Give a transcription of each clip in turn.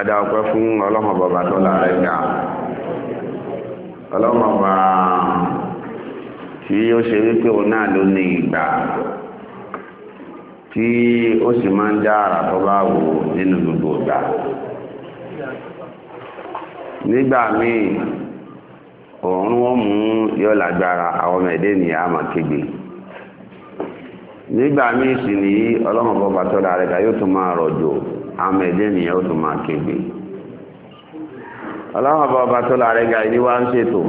adá ọpẹ́ fún ọlọ́run bàbá tó lára tí ó ṣe wípé òun náà ló ní ìgbà tí ó sì máa ń dá ara tó bá wò nínú gbogbo ìgbà nígbà míì òun wọ́n mú yọ àwọn ọmọ ẹ̀dẹ́ ni a máa kégbe nígbà míì àmì ẹ̀dẹ́ nìyẹn ó tún máa kéde ọlọ́wọ́n ọba tó láàrẹ́ ga ìdí wá ń ṣètò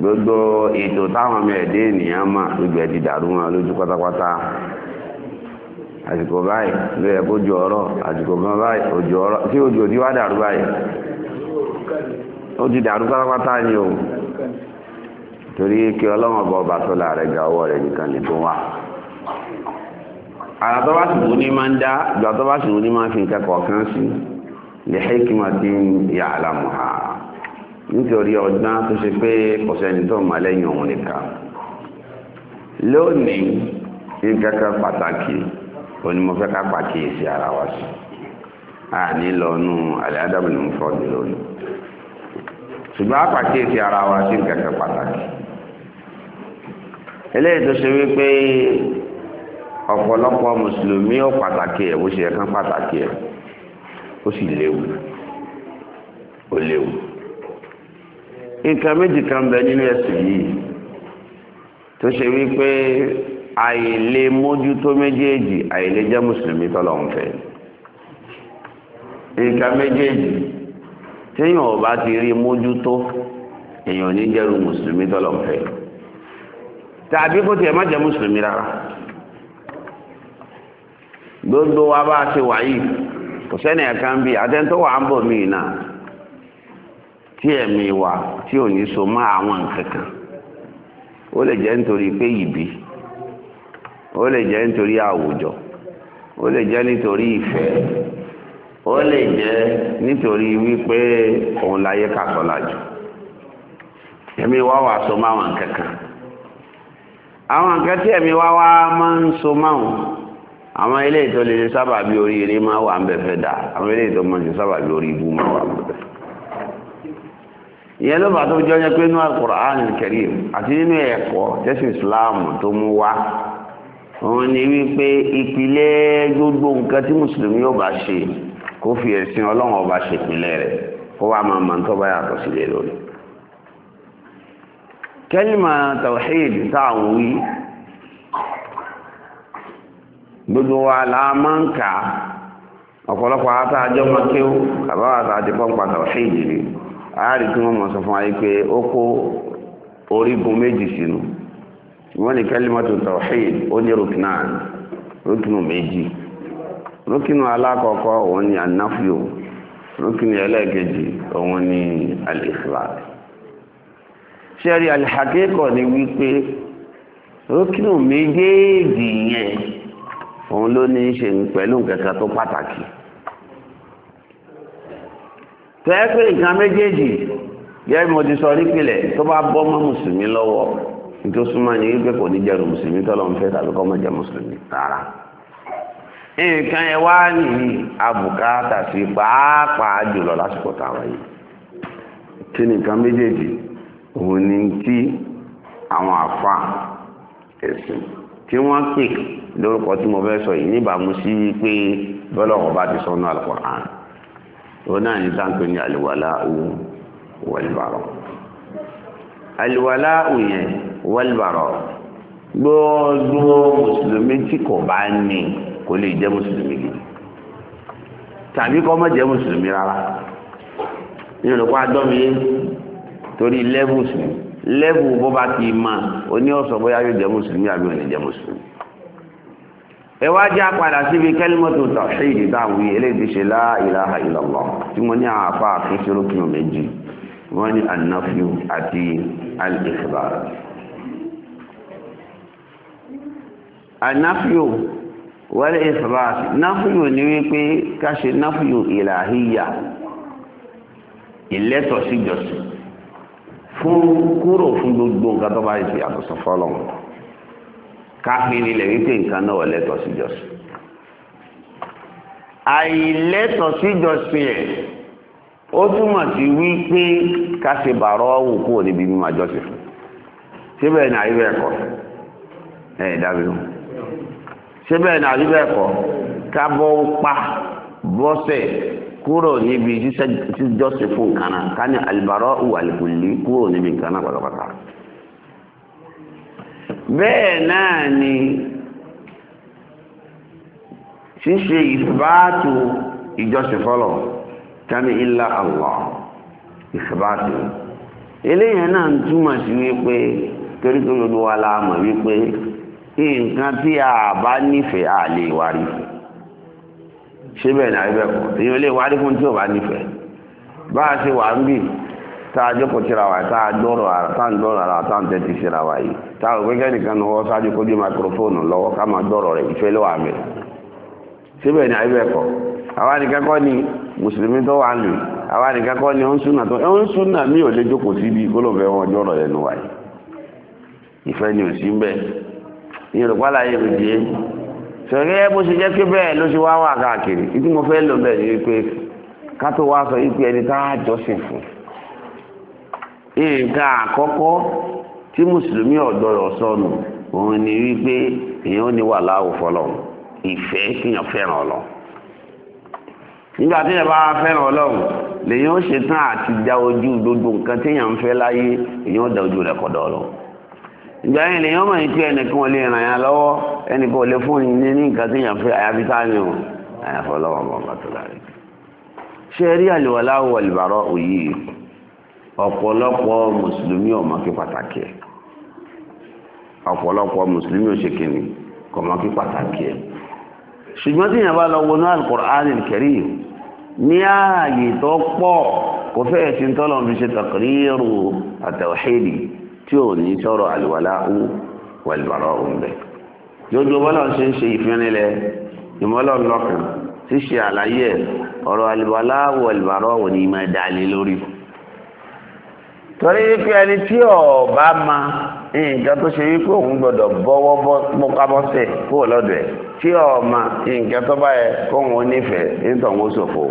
gbogbo ètò táwọn ọmọ ẹ̀dẹ́ ènìyàn gbogbo ẹ̀dì dàrú wọn lójú pátápátá àsìkò báyìí ló kó ju ọ̀rọ̀ àsìkò báyìí òjò ni o torí kí ọlọ́wọ́n ọba tó ga ọwọ́ rẹ̀ ara tó ní máa ń dá ní máa fi nǹkan kọ̀ọ̀kan sí lè hekima tí yà á ha nítorí ọgbọ́n tó ṣe pé kọ̀sẹ́ni tó mà lẹ́yìn òun nìkan lónìí nǹkan kan pàtàkì ara wa a ní lọ́nu àlẹ́ Adamu ní fọ́ọ̀dì lónìí ṣùgbọ́n a ara wa sí nǹkan kan pàtàkì ọ̀pọ̀lọpọ̀ mùsùlùmí ó pàtàkì ẹ̀ bó ṣe ẹ̀kan pàtàkì ẹ̀ ó sì léwu ó léwu nǹkan méjì kan bẹ nínú ẹ̀sìn yìí tó ṣe wípé àìlè mójútó méjèèjì àìlè jẹ́ mùsùlùmí tọ́lọ̀ ń fẹ́ nǹkan méjèèjì téèyàn ò bá ti rí mójútó èèyàn ò ní jẹ́rú mùsùlùmí tọ́lọ̀ ń fẹ́ tàbí kó tiẹ̀ má jẹ́ mùsùlùmí rárá. gbogbo wa bá ṣe wà yìí kò sẹ́ni ẹ̀ka ń àtẹ́ntọ́ wà ń bọ̀ mí náà tí ẹ̀mí wa tí ò ní so mọ́ àwọn nǹkan kan ó lè jẹ́ nítorí pé ìbí ó lè jẹ́ nítorí àwùjọ ó lè jẹ́ nítorí ìfẹ́ ó lè jẹ́ nítorí wípé òun wa wà so mọ́ àwọn nǹkan kan àwọn nǹkan tí ẹ̀mí wa wá máa ń so àwọn ilé ìtò lè ṣe sábà bí oríire máa wà ń bẹ̀ fẹ́ dà àwọn ilé ìtò mọ̀ ṣe sábà bí orí ibú máa wà ń bẹ̀ ìyẹn ló bá tó jọ yẹ pé inú Al-Qur'an Al-Karim àti nínú ẹ̀kọ́ jẹ́sìn Islam tó mú wá òun ni wípé ìpìlẹ̀ gbogbo nǹkan tí mùsùlùmí yóò bá ṣe kó fi ẹ̀sìn ọlọ́run ọba ṣèpìlẹ̀ rẹ̀ kó wá máa mọ̀ tó bá yàtọ̀ sílẹ̀ lórí kẹ́lìmà tawhid táwọn wí gbogbo wa la máa ń kà ọ̀pọ̀lọpọ̀ àtàjọ́ máa kéwú bàbá àtàjọ́ a tàwọ̀ṣíìdì ni àárí tí wọ́n mọ̀ sọ fún wa pé ó kó orígun méjì sínú wọ́n ní kẹ́límọ́tò ó ní rukinu méjì rukinu alákọ̀ọ́kọ́ òun ni anáfíò rukinu ẹlẹ́ẹ̀kejì òun ni ṣẹ́rí ni wípé méjèèjì yẹn òun ló ní í ṣe pẹ̀lú nǹkan tó pàtàkì tẹ́ẹ̀pẹ́ nǹkan méjèèjì gẹ́gẹ́ mo ti sọ nípìnlẹ̀ tó bá bọ́ mọ́ mùsùlùmí lọ́wọ́ tó súnmọ́ ní wípé kò ní jẹ́rù mùsùlùmí tọ́lọ́ ń fẹ́ tàbí kọ́ mọ́ jẹ́ mùsùlùmí rárá nǹkan yẹn wá nìyí abùkátà sí pàápàá jùlọ lásìkò táwọn yìí kí nǹkan méjèèjì òun ni tí àwọn àfa ẹ̀sìn tí wọ́n pè lórúkọ tí mo fẹ́ sọ yìí níbàámu sí pé bọ́lọ́wọ́ bá ti sọnù Al-Qur'an òun náà ní sáńpé ní al-wala'u wal-bara al-wala'u yẹn wal-bara gbogbo mùsùlùmí tí kò bá ní kò lè jẹ́ mùsùlùmí gidi tàbí kọ́ mọ̀ jẹ́ mùsùlùmí rárá nínú kó adọ́ torí lẹ́bùsùlùmí lẹ́bù bó bá ti mọ̀ ó ní ọ̀sọ̀ bóyá yóò jẹ́ mùsùlùmí àbí òní jẹ́ mùsùlùmí ẹ wá já padà síbi kẹ́límọ́tò tàṣíìdì dáhùn yìí eléyìí ṣe la ilaha illallah tí mo ní àwọn afá àfihàn kìlọ̀ méjì wọ́n ní annafiu àti al-ikhbar annafiu wal náfíù ní wípé ká ṣe náfíù ìlàhíyà ìlẹ́tọ̀ sí fún kúrò gbogbo nǹkan tó bá yìí fi àtọ̀sọ̀ fọ́lọ́mù káfí nílẹ̀ wípé nǹkan náà wà lẹ́tọ̀ọ́ síjọsìn àìlẹ́tọ̀ọ́ síjọsìn ẹ̀ ó túmọ̀ sí wípé ká ṣe wò kúrò níbi na àjọsìn fún síbẹ̀ àríwẹ̀ ẹ̀kọ́ ẹ̀ kúrò níbi jíjọ́sìn fún nǹkan náà ká ní àlùbárọ́ ìwà àlùkùnlé kúrò níbi nǹkan náà pátápátá bẹ́ẹ̀ náà ni ṣíṣe ìfìbáàtù ìjọsìn fọ́lọ̀ tani illa Allah ìfìbáàtù eléyìn náà ń túmọ̀ sí wípé torí pé olúwa la mọ̀ wípé nǹkan tí a bá nífẹ̀ẹ́ àlè wárí fún ṣé bẹ́ẹ̀ ni àríbẹ̀ kọ́ lè wárí fún tí ò bá nífẹ̀ẹ́ bá a ṣe wa tá a dọ́rọ̀ ara tá a dọ́rọ̀ ara tá a tẹ́tí síra wa yìí tá a gbẹ́gẹ́ nìkan náà wọ́n ṣáájú kó dé microphone lọ́wọ́ ká máa dọ́rọ̀ rẹ̀ ìfẹ́ lọ́wọ́ àmì ni àríbẹ̀ àwa ni mùsùlùmí tó wà àwa ni ń súnà tó ń súnà mí ò lè jókòó sọ̀rọ̀ bó ṣe jẹ́ pé bẹ́ẹ̀ ló ṣe wá wà káàkiri ibi mo fẹ́ lò bẹ́ẹ̀ ni wípé ká tó wá sọ wípé ẹni tá a jọ́sìn fún nǹkan àkọ́kọ́ tí mùsùlùmí ọ̀dọ́rọ̀ sọnù òun ni wípé èèyàn ní wà láwù fọlọ́ ìfẹ́ kéèyàn fẹ́ràn ọlọ́run nígbà tí èèyàn bá fẹ́ràn ọlọ́run lèèyàn ó ṣetán àti dá ojú gbogbo nǹkan téèyàn ń fẹ́ láyé èèyàn dá ojú rẹ̀ kọ́dọ̀ ọlọ́run ìgbà yẹn lè yọ́n mọ̀ ní pé ẹnìkan ò lè ràn yàn lọ́wọ́ ẹnìkan ò lè fún ní ní nǹkan tí yàn fẹ́ àyàfi sáàmì o àyàfọ́ lọ́wọ́ bàbá tó láre ṣe rí àlùwàlá wọ ìbàrọ̀ òyì ọ̀pọ̀lọpọ̀ mùsùlùmí ọ̀mọ́ kí pàtàkì ẹ̀ ọ̀pọ̀lọpọ̀ mùsùlùmí ò ṣe kìnnì pàtàkì ẹ̀ ṣùgbọ́n tí yàn bá lọ wọnú al-Qur'an al ní ààyè tó pọ̀ kò fẹ́ẹ̀ sí tọ́lọ̀ fi tí ò ní sọ̀rọ̀ àlùwàlá ó wàlùbàrà òun bẹ̀. Jojo bọ́lá ṣe ń ṣe ìfinrinlẹ̀ ìmọ́lọ̀ lọ́kàn ṣíṣe àlàyé ọ̀rọ̀ àlùwàlá wàlùbàrà òun ni máa dalé lórí. Torí pé ẹni tí ò bá ma nǹkan tó ṣe wípé òun gbọ́dọ̀ bọ́wọ́ bọ́kábọ́sẹ̀ kó lọ́dọ̀ ẹ̀ tí ò nǹkan tó bá yẹ kóhun onífẹ̀ẹ́ nítorí wọn ṣòfò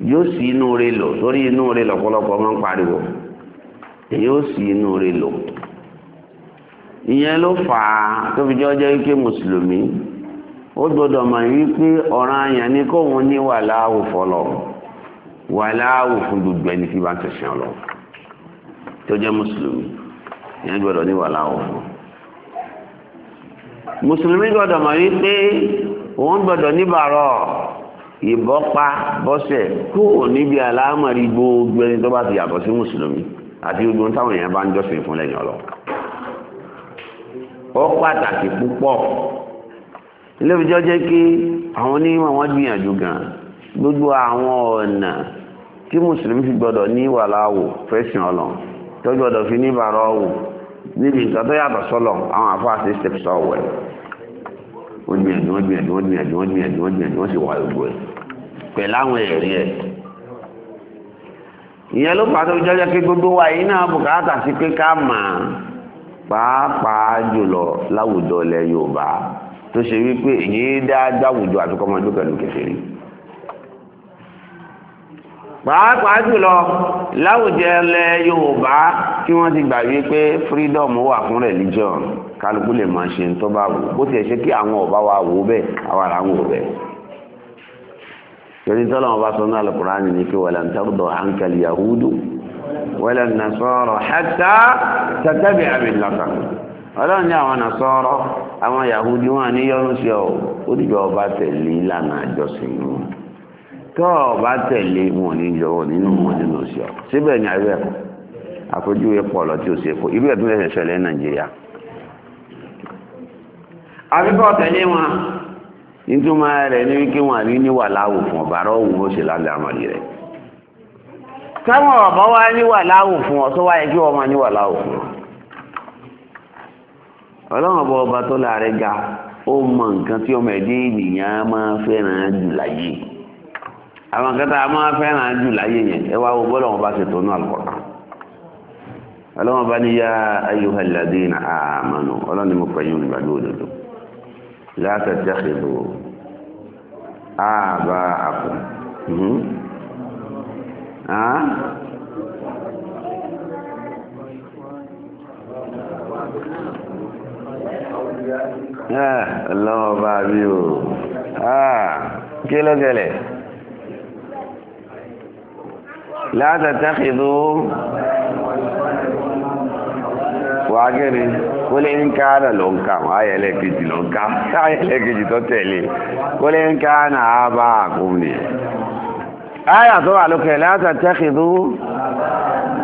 yóò sì inú rẹ̀ lò torí inú rẹ̀ lọ́pọ̀lọpọ̀ máa ń pariwo yóò sì inú rẹ̀ lò ìyẹn ló fà á tó fi jọ jẹ́ wípé mùsùlùmí ó gbọ́dọ̀ mọ̀ wípé ọ̀ràn àyàn ni kóun ní wà láàwù fọlọ wà láàwù fún gbogbo ẹni tí bá ń tẹ̀sán lọ tó jẹ́ mùsùlùmí ìyẹn gbọ́dọ̀ ní wà láàwù fún mùsùlùmí gbọ́dọ̀ mọ̀ wípé òun gbọ́dọ̀ níbàárọ̀ ìbọ́pá bọ́sẹ̀ kó o níbi àlámọ̀rí gbogbo ẹni tó bá ti yàtọ̀ sí mùsùlùmí àti gbogbo táwọn èèyàn bá ń jọ́sìn fún lẹ́yìn ọlọ́ ó pàtàkì púpọ̀ ilé ìjọ jẹ́ kí àwọn onímọ̀ wọn gbìyànjú gan gbogbo àwọn ọ̀nà tí mùsùlùmí fi gbọdọ̀ ní wàláwò fẹ́sìn ọlọ́run tó gbọdọ̀ fi níbàárọ̀ wò níbi nǹkan tó yàtọ̀ sọ́lọ̀ àwọn àfáà sí steps ọ̀wẹ̀ wọ́n gbìyànjú wọ́n gbìyànjú wọ́n gbìyànjú wọ́n gbìyànjú wọ́n gbìyànjú wọ́n sì wà lóko ẹ̀ pẹ̀lú àwọn ẹ̀rí ẹ̀. ìyẹn ló fà á tó fi jọ́jọ́ pé gbogbo wa yìí náà bùkátà sí pé ká mà á pàápàá jùlọ láwùjọ ilẹ̀ Yorùbá tó ṣe wípé èyí dá gbáwùjọ àti kọ́mọdé pẹ̀lú kẹfẹ́rí. pàápàá jùlọ láwùjọ ilẹ̀ Yorùbá tí wọ́n ti gbà wípé freedom wà fún religion kálukú lè máa ṣe tó bá wù bó tiẹ̀ ṣe kí àwọn ọba wa wò bẹ́ẹ̀ àwa là ń wò bẹ́ẹ̀. torí tọ́lọ́ wọn bá sọ náà Al-Qur'ani ní kí walan tarda anka al-yahudu walan nasara hatta tattabi'a millatahum ọlọ́run ní àwọn nasọ́rọ́ àwọn yahudi wọn ní yọ́nú sí ọ ó dìjọ ọba tẹ̀lé ìlànà àjọsìn wọn tọ́ ọba tẹ̀lé wọn ní yọwọ́ nínú wọn nínú sí ọ síbẹ̀ ní abẹ́ àpèjúwe pọ̀ lọ tí ó ṣe kó irú ẹ̀dúnlẹ̀ ṣẹlẹ̀ ní nàìjíríà àbíkọ́ tẹ̀lé wọn nítumọ̀ rẹ̀ ní kí wọ́n rí níwà láwò fún ọ̀bá rọ́wù ó ṣe lágbà àmàlì rẹ̀ táwọn ọ̀bá wá níwà láwò fún ọ tó wáyé kí wọ́n máa níwà láwò fún ọ ọlọ́run ọba ọba tó láàrẹ ga ó mọ nǹkan tí ọmọ ẹ̀dẹ́ ènìyàn máa fẹ́ràn jù láyé àwọn nǹkan tá a máa fẹ́ràn jù láyé yẹn ẹ wá wo wọn bá ṣe ní àlùkọ́tà ọlọ́run ọba ní yá ayuhalladina amanu ọlọ́run ni mo pẹ̀yìn olùgbàdo òdodo. لا تتخذوا آباءكم ها آه. آه الله بابيو آه كيلو كيلو لا تتخذوا واجري kólé ń kánà ló ń ká àwọn ayẹlẹ kejì ló ń ká ayẹlẹ kejì tó tẹ̀lé kólé ń kánà á bá àkóhùn ni. ayà tó wà lókè láti tẹ́kìdú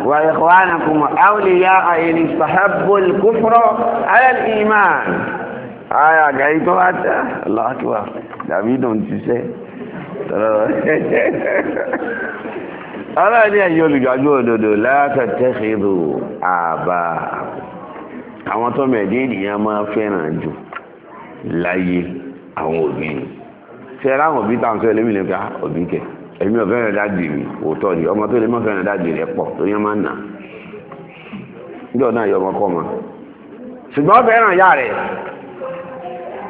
wà ìkọ́wánà kùmọ̀ áwùlíyá àyèlì sàhábùl kúfúrọ̀ ayẹl ìmán. ayà gàyí tó wà tẹ́ aláàkíwà dàbídò ń ṣiṣẹ́ ọlọ́run ní ẹ̀yin olùgbàgbọ́ òdodo tẹ́kìdú àbá àkóhùn. àwọn tó mẹ̀dé ènìyàn máa fẹ́ràn jù láyé àwọn òbí ni ṣe ẹ láwọn òbí táwọn sọ ẹlẹ́mì lè ká ah, òbí kẹ ẹ̀mí ò fẹ́ràn dáàdì mi òótọ́ ni ọmọ tó lè má fẹ́ràn dáàdì rẹ̀ pọ̀ tó máa nà náà yọ ọmọ kọ́ ma ṣùgbọ́n fẹ́ràn yá rẹ̀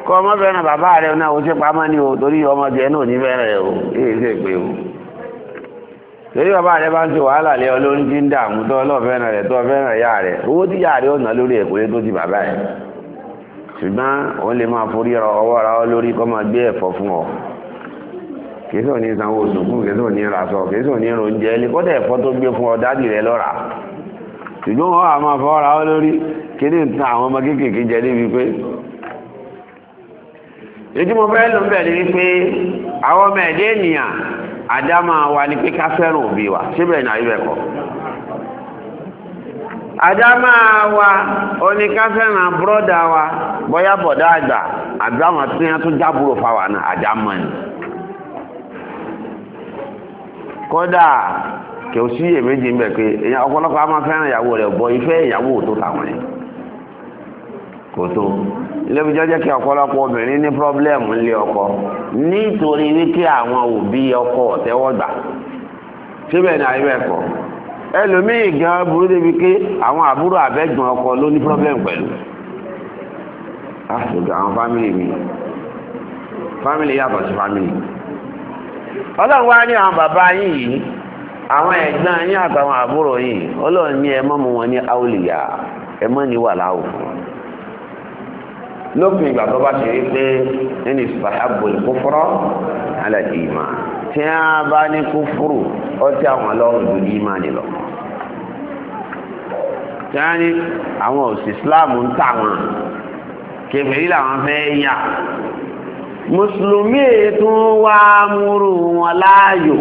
kọ́ ọmọ fẹ́ràn bàbá rẹ̀ náà ó ṣe pamọ́ ní o torí ọmọ jẹ náà ní fẹ́ràn rẹ̀ o. torí bàbá rẹ bá ń ṣe wàhálà lé ọ lórí tí ń dààmú tó ọlọ́fẹ́ràn rẹ tó ọfẹ́ràn ìyá rẹ owó tí ìyá rẹ ò ná lórí ẹ̀kọ́ tó ti bàbá ẹ̀ ṣùgbọ́n òun lè máa forí ọwọ́ ra ọ lórí kó máa gbé ẹ̀fọ́ fún ọ kìí sọ ní sanwó sùkúù kìí sọ ní raṣọ kìí sọ ní oúnjẹ ilé kọ́tà ẹ̀fọ́ tó gbé fún ọ dádì rẹ lọ́ra ṣùgbọ́n wọn àmọ́ fọ́ ra ọ lórí kíní tan àwọn ọmọ kéékèèké jẹ níbi pé ètí mo fẹ́ lò ń bẹ̀ ní pé àwọn ọmọ ẹ̀dẹ́ ènìyàn àdámà wa ni pé ká fẹ́ràn òbí wa síbẹ̀ náà ibẹ̀ kọ́ wa ó ní ká fẹ́ràn bọ́dà wa bọ́yá bọ̀dá àgbà àdámà tí wọ́n tún jábúrò fáwa náà àdámà ni kódà kò sí èméjì ń bẹ̀ pé ọ̀pọ̀lọpọ̀ a máa fẹ́ràn ìyàwó rẹ̀ bọ́ ìfẹ́ ìyàwó tó kò tó lébi jọjọ kí ọ̀pọ̀lọpọ̀ obìnrin ní pọ́blẹ́mù ọkọ nítorí wípé àwọn òbí ọkọ ọ̀tẹ́wọ́gbà síbẹ̀ ní ayé ẹ̀kọ́ ẹlòmíì gan burú débi pé àwọn àbúrò àbẹ́gbọ̀n ọkọ ló ní pẹ̀lú ah, àwọn fámìlì mi fámìlì yàtọ̀ sí fámìlì ọlọ́run wá ní àwọn bàbá yín yìí àwọn ẹ̀gbọ́n yín àtàwọn àbúrò yìí ọlọ́run ní wọn ní ní lópin ìgbà tó bá ṣe rí pé nínú ìfàhábò ìkófúrọ́ alàdì ìmà tí a bá ní kúfúrù ó tí àwọn ọlọ́run ju ìmà nílọ tí a ní àwọn òsì ìsìláàmù ń tà wọn kèfèrí làwọn fẹ́ yà mùsùlùmí tún wá múrù wọn láàyò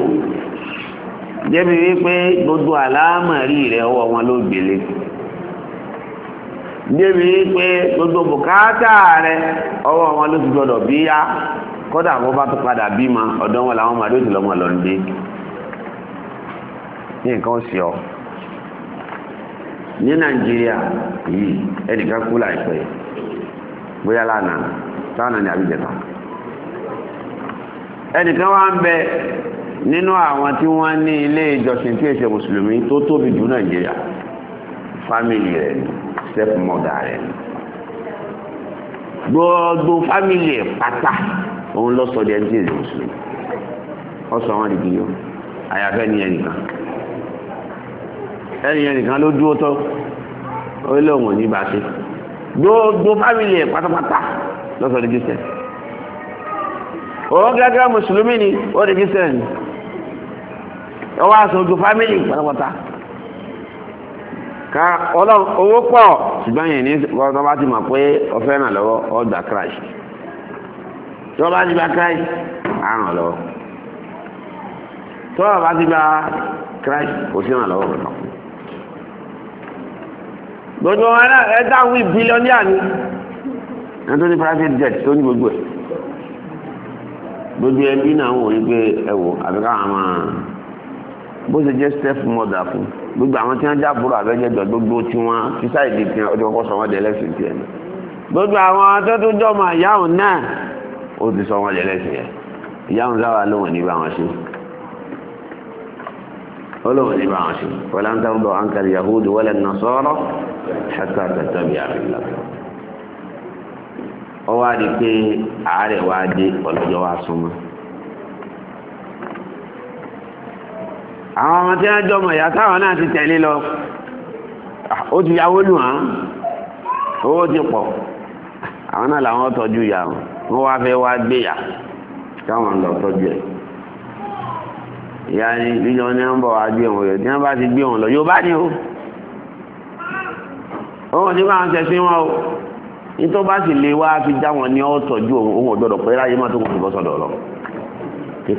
débi wípé gbogbo àlámọ̀rí rẹ̀ ọwọ́ wọn ló gbélé ndị pé gbogbo bùkátà rẹ ọwọ́ wọn ló ti gbọdọ̀ bí yá kódà bó bá tó padà bí ma ọ̀dọ́ wọn làwọn máa lóòtù lọ́mọ lọ nílé ní nǹkan ọ ní nàìjíríà yìí ẹnìkan kú láìpẹ́ bóyá lánàá táwọn ní àbíjẹta ẹnìkan wá ń bẹ nínú àwọn tí wọ́n ní ilé ìjọsìn tí èsè mùsùlùmí tó tóbi jù step mother rẹ̀ gbogbo family ẹ̀ pátá òun lọ sọ di ẹni tí èdè mùsùlùmí ọ sọ wọn dìbò yọ àyàfẹ́ ni ẹnìkan ẹni ẹnìkan ló dúró tọ́ ó lóun ò ní bá ṣe gbogbo family ẹ̀ pátápátá lọ sọ di christian òun gẹ́gẹ́ mùsùlùmí ni ó di christian ọwọ́ àsọ̀gbọ̀ family pátápátá ká ọlọ́run owó pọ̀ ṣùgbọ́n yìí ní ọ̀tọ́ bá ti mọ̀ pé ọ̀fẹ́ náà lọ́wọ́ ọ̀gbà christ tó bá ti gba christ àrùn lọ́wọ́ tó bá ti gba christ kò sí náà lọ́wọ́ kankan. gbogbo wọn náà ẹ dáhùn bílíọ̀nì àní ẹni tó ní private jet tó ní gbogbo ẹ̀ gbogbo ẹbí náà wò wí pé ẹ wò àbíká àwọn máa bó ṣe jẹ́ step mother fún un gbogbo àwọn tí wọ́n já burú àbẹ́jẹ́jọ gbogbo tí wọ́n ti sáìdì tí ọjọ́ kọ́ sọ wọ́n dẹ̀ lẹ́sìn tiẹ̀ ní gbogbo àwọn tó tún jọmọ ìyáhùn náà ó ti sọ wọ́n dẹ̀ lẹ́sìn yẹn ìyáhùn sáwà lóhùn ní bá wọn ṣe ó lóhùn ní bá wọn ṣe wọlé ń tàbí àwọn kan yahudu wọlé ń nasọ́rọ́ ṣàtà tàbí àbílà ó wá di pé àárẹ̀ wá dé ọlọ́jọ́ wá súnmọ́ àwọn ọmọ tí wọ́n jọmọ̀ ìyá táwọn náà ti tẹ̀lé lọ ó ti yàwó lù hàn owó ti pọ̀ àwọn náà làwọn tọ́jú ìyá wọn wọ́n wá fẹ́ wá gbéyà káwọn lọ tọ́jú ẹ̀ ìyá ni lílọ ní wọ́n bọ̀ wá gbé wọn yóò tí wọ́n bá ti gbé wọn lọ yóò bá ní o òun ò ní bá tẹ̀sí wọn o ní tó bá sì lè wá fi dá wọn ní ọ́ tọ́jú òun ò gbọ́dọ̀ pé láyé má tó kò fi bọ́ sọ́dọ̀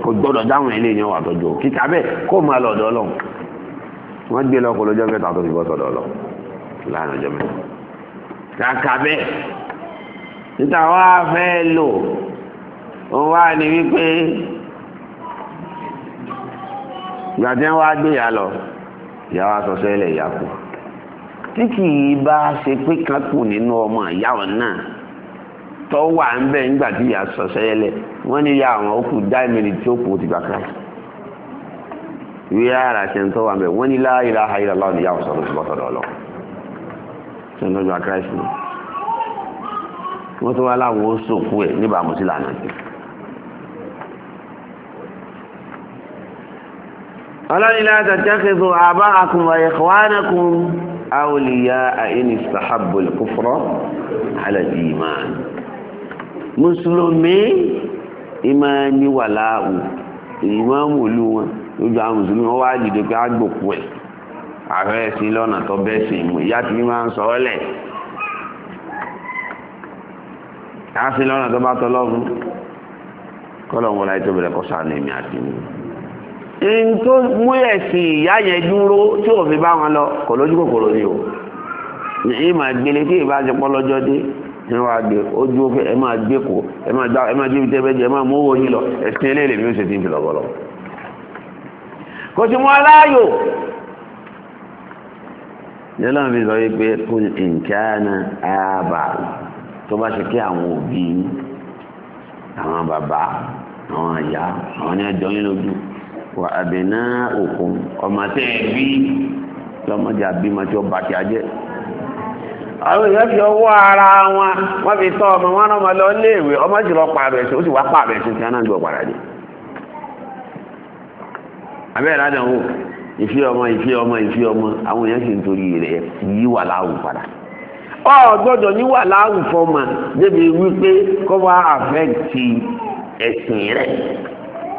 kò gbọ́dọ̀ dáhùn ilé yẹn wà tọ́jú kíkà bẹ́ẹ̀ kó máa lọ ọ̀dọ̀ ọlọ́run wọ́n gbé lọ́kọ̀ lọ́jọ́ mẹ́ta tó fi bọ́ sọ̀dọ̀ ọlọ́run láàrin ọjọ́ mẹ́ta kàkà bẹ́ẹ̀ níta wá fẹ́ lò ó wá ní wípé ìgbà tí wọ́n wá gbé ìyá lọ ìyá wa sọ sẹ́lẹ̀ ìyá kù tí kì í bá ṣe pé kan nínú ọmọ ìyá ọ̀ náà tó wà ń bẹ̀ nígbà tí ìyá sọ sẹ́lẹ̀ wọ́n ní ya àwọn òkú dáìmìlì tí ó kù ti gbà kan ìwé ara ṣe ń tọ́ wà mẹ́ wọ́n ní la ilaha illallah ní yàwó sọ̀rọ̀ ìṣubọ̀ sọ̀rọ̀ ọ̀lọ́ ṣe ń tọ́jú àkíráìsì ni wọ́n tó wá láwọn ó sòkú ẹ̀ níbàámu sí lànà sí. ọlọ́nìlá tàtẹ́kẹ̀tò àbá àkùnwà ẹ̀kọ́wánàkùn àwòlìyà àìní sàhábùl kufra ala ìmọ̀ ní wàláhù ìmọ̀ mòlú wọn lójú àwọn mùsùlùmí wọn wá dìde pé á gbòkú ẹ̀ ààrẹ ẹ̀sìn lọ́nà tó bẹ́ẹ̀ sì mú ìyá tí máa ń sọ ọ́ lẹ̀ á sí lọ́nà tó bá tọ́ lọ́gùn kọ́lọ̀ wọn láì tó bẹ̀rẹ̀ kọ́ sànù èmi àti mi n tó mú ẹ̀sìn ìyá yẹn dúró tí òfin bá wọn lọ kò lójú kòkòrò ni o ní ìmọ̀ ìgbélé tí ìbájọpọ̀ ní wàá gbé ojú ó fẹ́ ẹ máa gbé kó ẹ máa gbá ẹ máa débi tẹ́ bẹ́ẹ̀ jẹ́ ẹ máa mú owó yín lọ ẹ̀sìn eléyìí mi ò ṣe ti ń fi lọ́gọ́lọ́. kò sí mú aláyò yẹlẹ́ wọn fi sọ yìí pé kún nǹkan àbà tó bá ṣe kí àwọn òbí àwọn bàbá àwọn àyà àwọn ní ẹjọ́ yín lójú wà àbẹ̀ná òkun ọmọ tẹ́ ẹ bí lọ́mọdé àbí màtí ọba tí a jẹ́. àwọn èèyàn fi ọwọ́ ara wọn wọ́n fi tọ́ ọmọ wọn ma lọ léèwé ọmọ sì lọ pààrọ̀ ẹ̀sìn tí wọ́n náà gbọ́ padà dé. abẹ́rẹ́ ládàáwò ìfi ọmọ ìfi ọmọ ìfi ọmọ àwọn èèyàn sì ń torí rẹ̀ yí wà láwù ọ gbọ́dọ̀ ní wà láwù fọmọ débi wípé kó ẹ̀sìn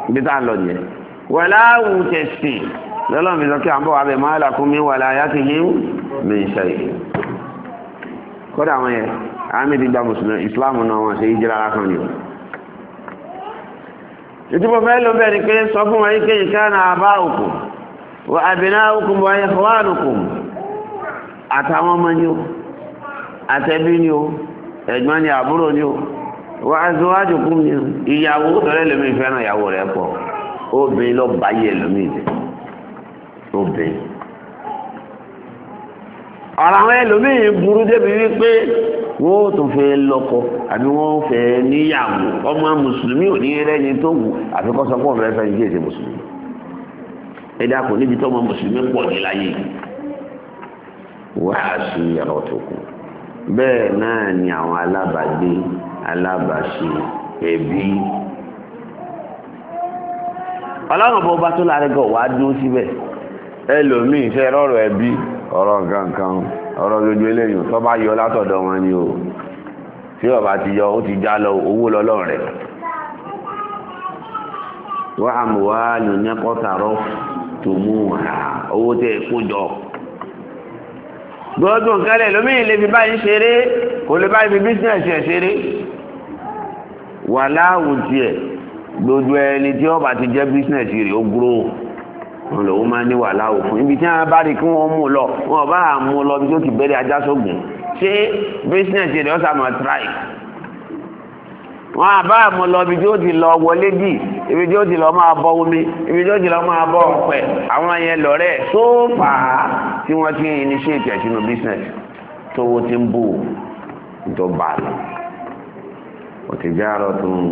ibi tá a lọ wà láwù tẹ̀sìn àbọ̀ máa wà láyà ti kódà àwọn yẹn ahmed gba mùsùlùmí islam náà wọn ṣe ìjìlá ara kan ni o ìtúbọ̀ fẹ́ ló bẹ́ẹ̀ ni pé sọ fún wọn ike ìkànnà àbá òkú wọ àbínà òkú wọ ẹ̀fọ́wọ́n òkú àtàwọn ọmọ ni o àtẹ̀bí ni o ẹ̀gbọ́n ọ̀rọ̀ àwọn ẹlòmíín burú débi wípé wọ́n ó tún fẹ́ lọ́kọ àbí wọ́n fẹ́ níyàwó ọmọ mùsùlùmí ò ní rẹ́ni tó wù àfi kọ́ sọ́kọ́ ọ̀rẹ́ fẹ́ yíyé ṣe mùsùlùmí ẹ dákun níbi tó ọmọ mùsùlùmí pọ̀ ní láyé wàá sí yàrá ọ̀tọ̀kùn bẹ́ẹ̀ náà ni àwọn alábàágbé alábàáṣe ẹbí ọlọ́run bó bá tó láàrin gan wàá dúró síbẹ̀ ẹlòmíì iṣẹ́ rọ̀rọ̀ ẹbí ọ̀rọ̀ gankan ọ̀rọ̀ gbogbo eléyìn tó bá yọ látọ̀dọ̀ wọn ni o tí ọba ti yọ ó ti já lọ owó lọ́lọ́ rẹ̀ wọ́n àmúwá lónẹ́kọ́tàrọ́ tó mú wà owó tẹ́ ẹ kó jọ gbogbo nǹkan lẹ̀ lè fi báyìí ṣeré kò lè báyìí fi bísíǹsì ẹ̀ ṣeré wà láwùjẹ gbogbo ẹni tí ọba ti jẹ́ bísíǹsì rẹ̀ ó gúrò wọn lòun máa ní wàhálà òfin ibi tí wọn bá rí kí wọn mú lọ wọn bá mú lọ bí tó ti bẹ̀rẹ̀ ajá sógun ṣé business rẹ ọsàn máa try wọn àbá mú lọ ibi ó ti lọ wọlé dì ibi tí ó ti lọ máa bọ omi ibi tí ó ti lọ máa bọ ọpẹ àwọn yẹn lọrẹ sófà tí wọn ti initiate ẹ sínú business tówó ti ń bò ìjọba lọ òtìjáàrọ tó ń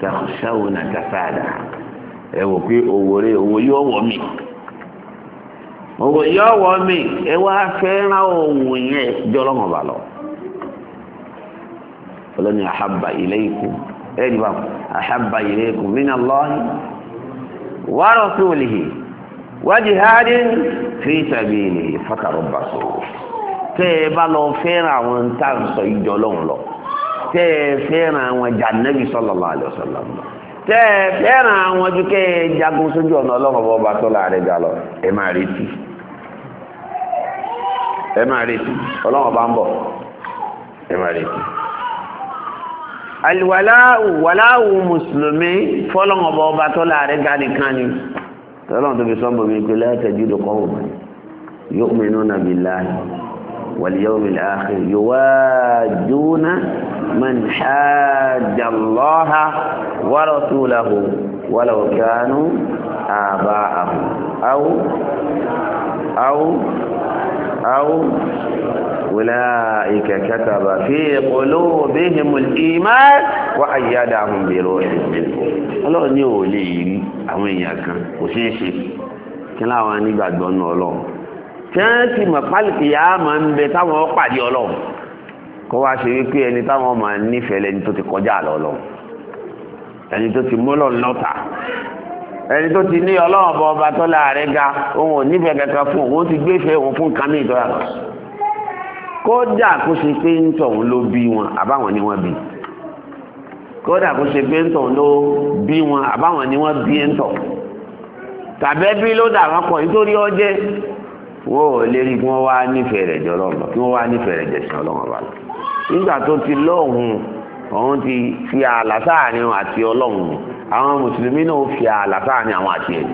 tẹkọṣẹwò náà tẹfẹ àdáhà. ẹ wò pé òwò òwò yóò wọ̀ mí òwò yóò wọ̀ mí ẹ wá òwò yẹn jọlọ́mọ̀ bá lọ. ọlọ́ni àhábà ilaykum ẹ ní báwọn àhábà ilaykum minallahi wa rasulihi wa fi sabilihi fatarabbasu tẹ́ ẹ bá lọ fẹ́ràn àwọn lọ tẹ́ ẹ fẹ́ràn àwọn jàǹdẹ́bí sallallahu alaihi tẹ́ ẹ fẹ́ràn àwọn ojú kẹ́ jagun sójú ọ̀nà ọlọ́run ọba tó láàrin ga ẹ máa retí ẹ máa retí ọlọ́run ọba ń bọ̀ ẹ máa retí. àlùwàláwù mùsùlùmí fọlọ́run ọba ọba tó láàrin ga nìkan ni billahi من حاج الله ورسوله ولو كانوا آباءهم أو أو أو أولئك كتب في قلوبهم الإيمان وأيدهم بروح منه Ọlọ́run ní ò lè rí àwọn èèyàn kan kò ṣeé ṣe kí láwọn anígbàgbọ́ nù Ọlọ́run tí wọ́n ti mọ̀ pálíkì yá máa ń bẹ táwọn pàdé Ọlọ́run kó wá ṣe wípé ẹni táwọn máa nífẹ̀ẹ́ lẹni tó ti kọjá àlọ́ lọ ẹni tó ti mú lọ́n lọ́ta ẹni tó ti ní ọlọ́run bọ ọba tó láàrẹ ga òun ò nífẹ̀ẹ́ kankan fún òun ti gbéfẹ́ òun fún kàmí ìtọ́ra kódà kó ṣe pé ń tọ̀hún ló bí wọn àbáwọn ni wọ́n bí kódà kó ṣe pé ń tọ̀hún ló bí wọn àbáwọn ni wọ́n bí ń tọ̀ tàbẹ́ bí ló dà wọ́n pọ̀ nítorí ọjẹ́ wọ́n ò lérí kí wọ́n wá nífẹ̀ẹ́ rẹ̀ jọ lọ́wọ́ kí wọ́n wá nífẹ̀ẹ́ rẹ̀ jẹ̀sìn ọlọ́wọ́ bá lọ nígbà tó ti lóhùn òun ti fi ààlà sáàrin àti ọlọ́run àwọn mùsùlùmí náà fi ààlà sáàrin àwọn àti ẹ̀yìn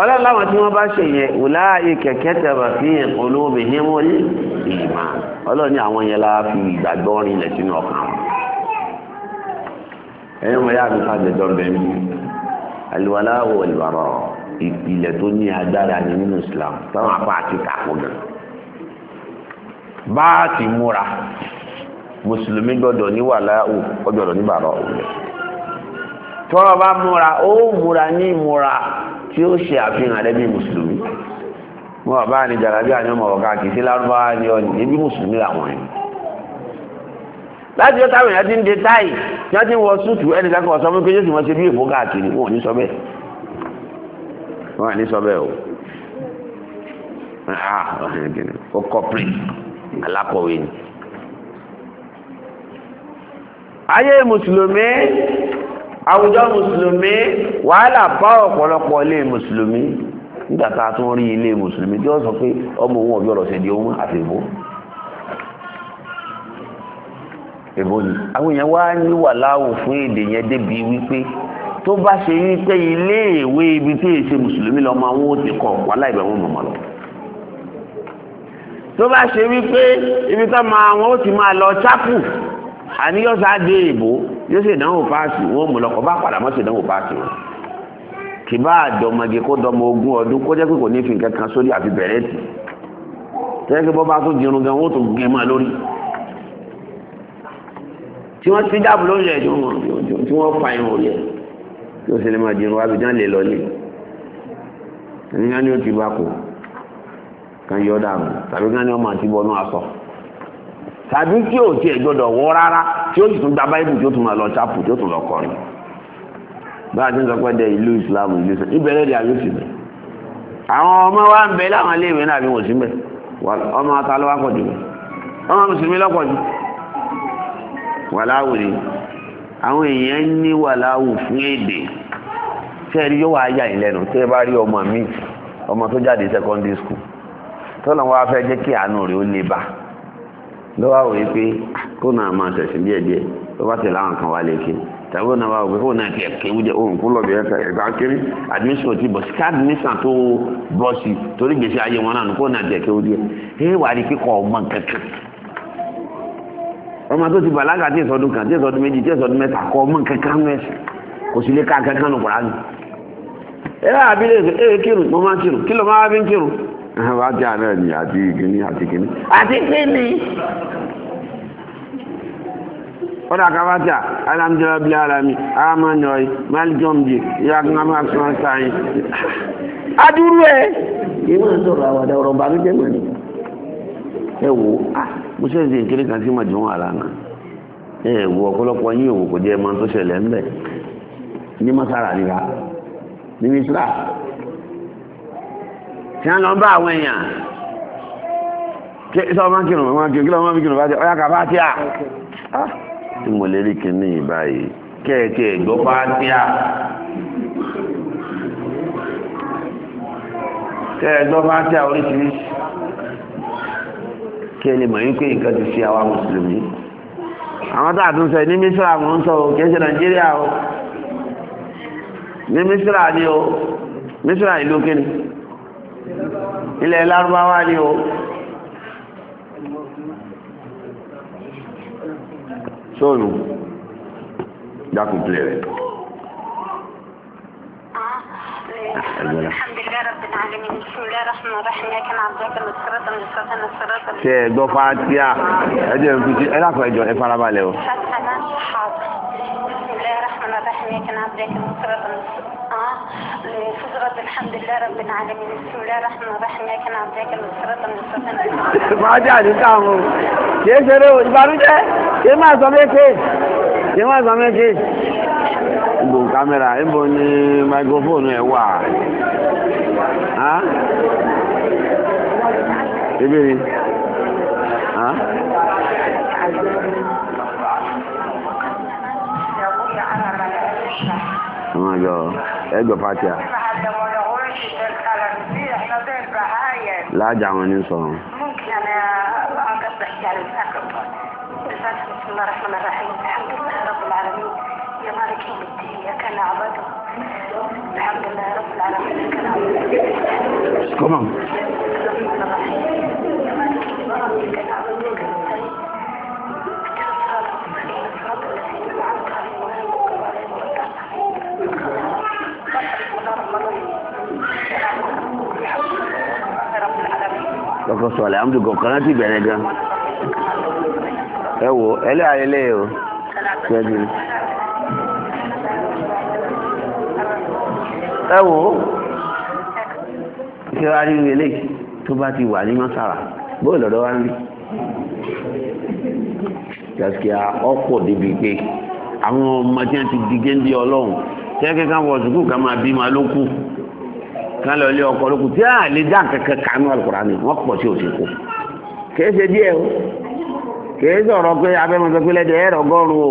ọlọ́run láwọn tí wọ́n bá ṣe yẹn wùláàyè kẹ̀kẹ́ tẹ̀bà fi hàn olóòmì ní wọ́n ní ìmọ̀ ọlọ́run ní àwọn yẹn la fi ìgbàgbọ́ rinlẹ̀ sínú ọkàn wọn. ẹ̀yin wọn yára nípa àjẹjọ bẹ́ẹ̀ mi àlùwàláwọ̀ ìbàrọ̀ ìpìlẹ̀ tó ní agbára ní nínú Islam táwọn apá àti kàkó gan-an bá a ti múra mùsùlùmí gbọ́dọ̀ ní wàláhù ó gbọ́dọ̀ ní bàrà òwúrẹ̀ tọ́rọ bá múra ó múra ní ìmúra tí ó ṣe àfihàn rẹ̀ bí mùsùlùmí wọn bàbá ní jàlábí àyànmọ̀ ọ̀gá kìí sí lárúbáwá ní ọ̀nì ẹbí mùsùlùmí làwọn yìí láti ọjọ́ táwọn ti ń de táì tí wọ́n ti ń wọ súùtù ẹni kan kọ̀ sọ fún pé yóò sì wọ́n ṣe bí èfó káàkiri wọn ò ní sọ bẹ́ẹ̀ wọn ò ní sọ bẹ́ẹ̀ o ah, ó kọ́ píríǹtì alákọ̀wé ni ayé mùsùlùmí àwùjọ mùsùlùmí wàhálà bá ọ̀pọ̀lọpọ̀ ilé mùsùlùmí nígbà tá a tún rí ilé mùsùlùmí tí ó sọ pé ọmọ òun ọ̀bí ọ̀rọ̀ ṣèdí ohun àti èbó èbó ni àwọn èèyàn wá níwà láwù fún èdè yẹn débi wípé tó bá ṣe wípé ilé ìwé ibi tí èsè mùsùlùmí lọ́mọ àwọn ò ti kọ̀ wàhálà ìbẹ̀wọ̀n mọ̀mọ́ lọ tó bá ṣe wípé ibi tó máa wọn ó ti máa lọ chápù àní yóò sá dé ìbò yóò ṣe ìdánwò páàsì wọn mú lọkọ bá padà mọ́ ṣe ìdánwò páàsì wọn kì bá àdọmọge kó dọmọ ogún ọdún kó jẹ́ pé kò ní fi nǹkan kan sórí àfi bẹ̀rẹ̀ tì tẹ́lẹ̀kẹ́ bọ́ bá tó di irun gan wọ́n tó gẹ̀ máa lórí tí wọ́n ti dáàbò lórí rẹ̀ tí wọ́n fa irun rẹ̀ tí ó ṣe lè máa di irun wábi dán lè lọ ní ẹni ká ní ó ti bá kò. kan yọ dànù tàbí kan ní ọmọ àti bọnú tàbí kí o tiẹ̀ gbọdọ̀ wọ rárá tí o sì tún gba báyìí tí o tún máa lọ tí o tún lọ kọrin bá a ti ń sọ pé dé ìlú ìsìlámù ìlú ìbẹ̀rẹ̀ àyè àwọn ọmọ wa ń bẹ láwọn náà ọmọ ata ló wá pọ̀ jù ọmọ mùsùlùmí lọ́pọ̀ jù ni àwọn èèyàn ní fún èdè yóò wá yà ọmọ mi ọmọ tó jáde secondary tọ́lọ̀ wá fẹ́ jẹ́ kí àánú rẹ̀ ó lè bá lọ́wọ́ wòye pé ah, kó náà máa tẹ̀sí díẹ̀ díẹ̀ tó bá tẹ̀lé àwọn kan wá lè ké tàbí náà wá òwe fóun náà tiẹ̀ kéwú jẹ òun kó lọ́ọ̀bì ẹ̀ka ẹ̀ka kéré admission ti bọ̀ sí ká admission tó bọ̀ sí torí gbèsè ayé wọn náà kó náà tiẹ̀ kéwú díẹ̀ ẹ wà á di kíkọ ọmọ kankan ọmọ tó ti bàlágà tí èso ọdún kan tí èso ọdún méjì tí èso ọdún mẹ́ta kọ ọmọ kankan mẹ́sàn kò sì lè ká kankan nù kúránì ẹ wá abilé wájà náà ni àti ìkíní àti ìkíní àti ìkíní ọ̀dà kàbátà alámjọ́lá bí alámi amáyọ̀í máljọ́mjì ìyàgbọ́nmá fún sáyìn adúrú ẹ̀ ìmọ̀ sọ̀rọ̀ àwàdà ọ̀rọ̀ bá lójẹ́ mọ̀ ní ẹwò ah, mo ṣe ń ṣe ìkéré kan sí màjọ́wọ́ àlànà ẹwò ọ̀pọ̀lọpọ̀ yí òwò kò jẹ́ ẹmọ tó ṣẹlẹ̀ ńbẹ̀ ní tí wọ́n lọ bá àwọn èèyàn sọ ma kírun ma kírun kí lọ ma fi kírun bá ti ọyá kàfá tí a ah, tí mo lè rí kìíní báyìí kẹ́ẹ̀kẹ́ ìgbọ́ bá tí a kẹ́ẹ̀gbọ́ bá tí a oríṣiríṣi kí ẹ lè mọ̀ yín pé nǹkan ti fi àwa mùsùlùmí àwọn tá a tún sọ ní mísírà mò ń sọ o kìí ṣe nàìjíríà o ní mísírà ni o mísírà ìlú kíni ilẹ̀ lárúbáwá ni o sóòlù dákùnkùn rẹ̀. Ṣé ẹ gbọ́ fàtíà? Ẹ jẹ́ ìfúnṣí, ẹ dákun ẹjọ́ ẹ farabalẹ̀ o. الله الرحمن الرحيم كان عبدك مصرر آه لفزرة الحمد لله رب العالمين بسم الله الرحمن الرحيم كان عبدك مصرر ما جاني تعمل كيف سرو إبارو جاء كيف ما سمي كيف ما سمي كيف ibo kámẹ́rà ibo ni máikrófóònù ẹ̀ wà أنا اجوا لا دعوة ننصرهم ممكن أنا بسم الله الرحمن الرحيم الحمد لله رب العالمين يا مالك يوم الدين يا كان عبده الحمد لله رب العالمين يا كان عبده كمان الرحمن الرحيم kọ́kọ́ sọ àlàyé kọ̀ọ̀kan láti ìbẹ̀rẹ̀ gan ẹ wò ẹlẹ́ ayẹlẹ́ o ẹ wò kí wàá rí ilé tó bá ti wà ní mọ́sára bóyá lọ́dọ̀ wá ń rí gaskiya ọ̀pọ̀ débi pé àwọn ọmọ tí wọ́n ti di géńdé ọlọ́run kẹ́kẹ́ ká wọ sùkúù ká máa bí ma ló kù. kan lọ ilé ọkọ lókun a lè dá kankan kanú alukurani wọn pọ̀ sí kìí ṣe díẹ̀ o kìí sọ̀rọ̀ pé abẹ́mọ̀tò pé lẹ́dẹ̀ ẹ̀rọ ọgọ́rùn o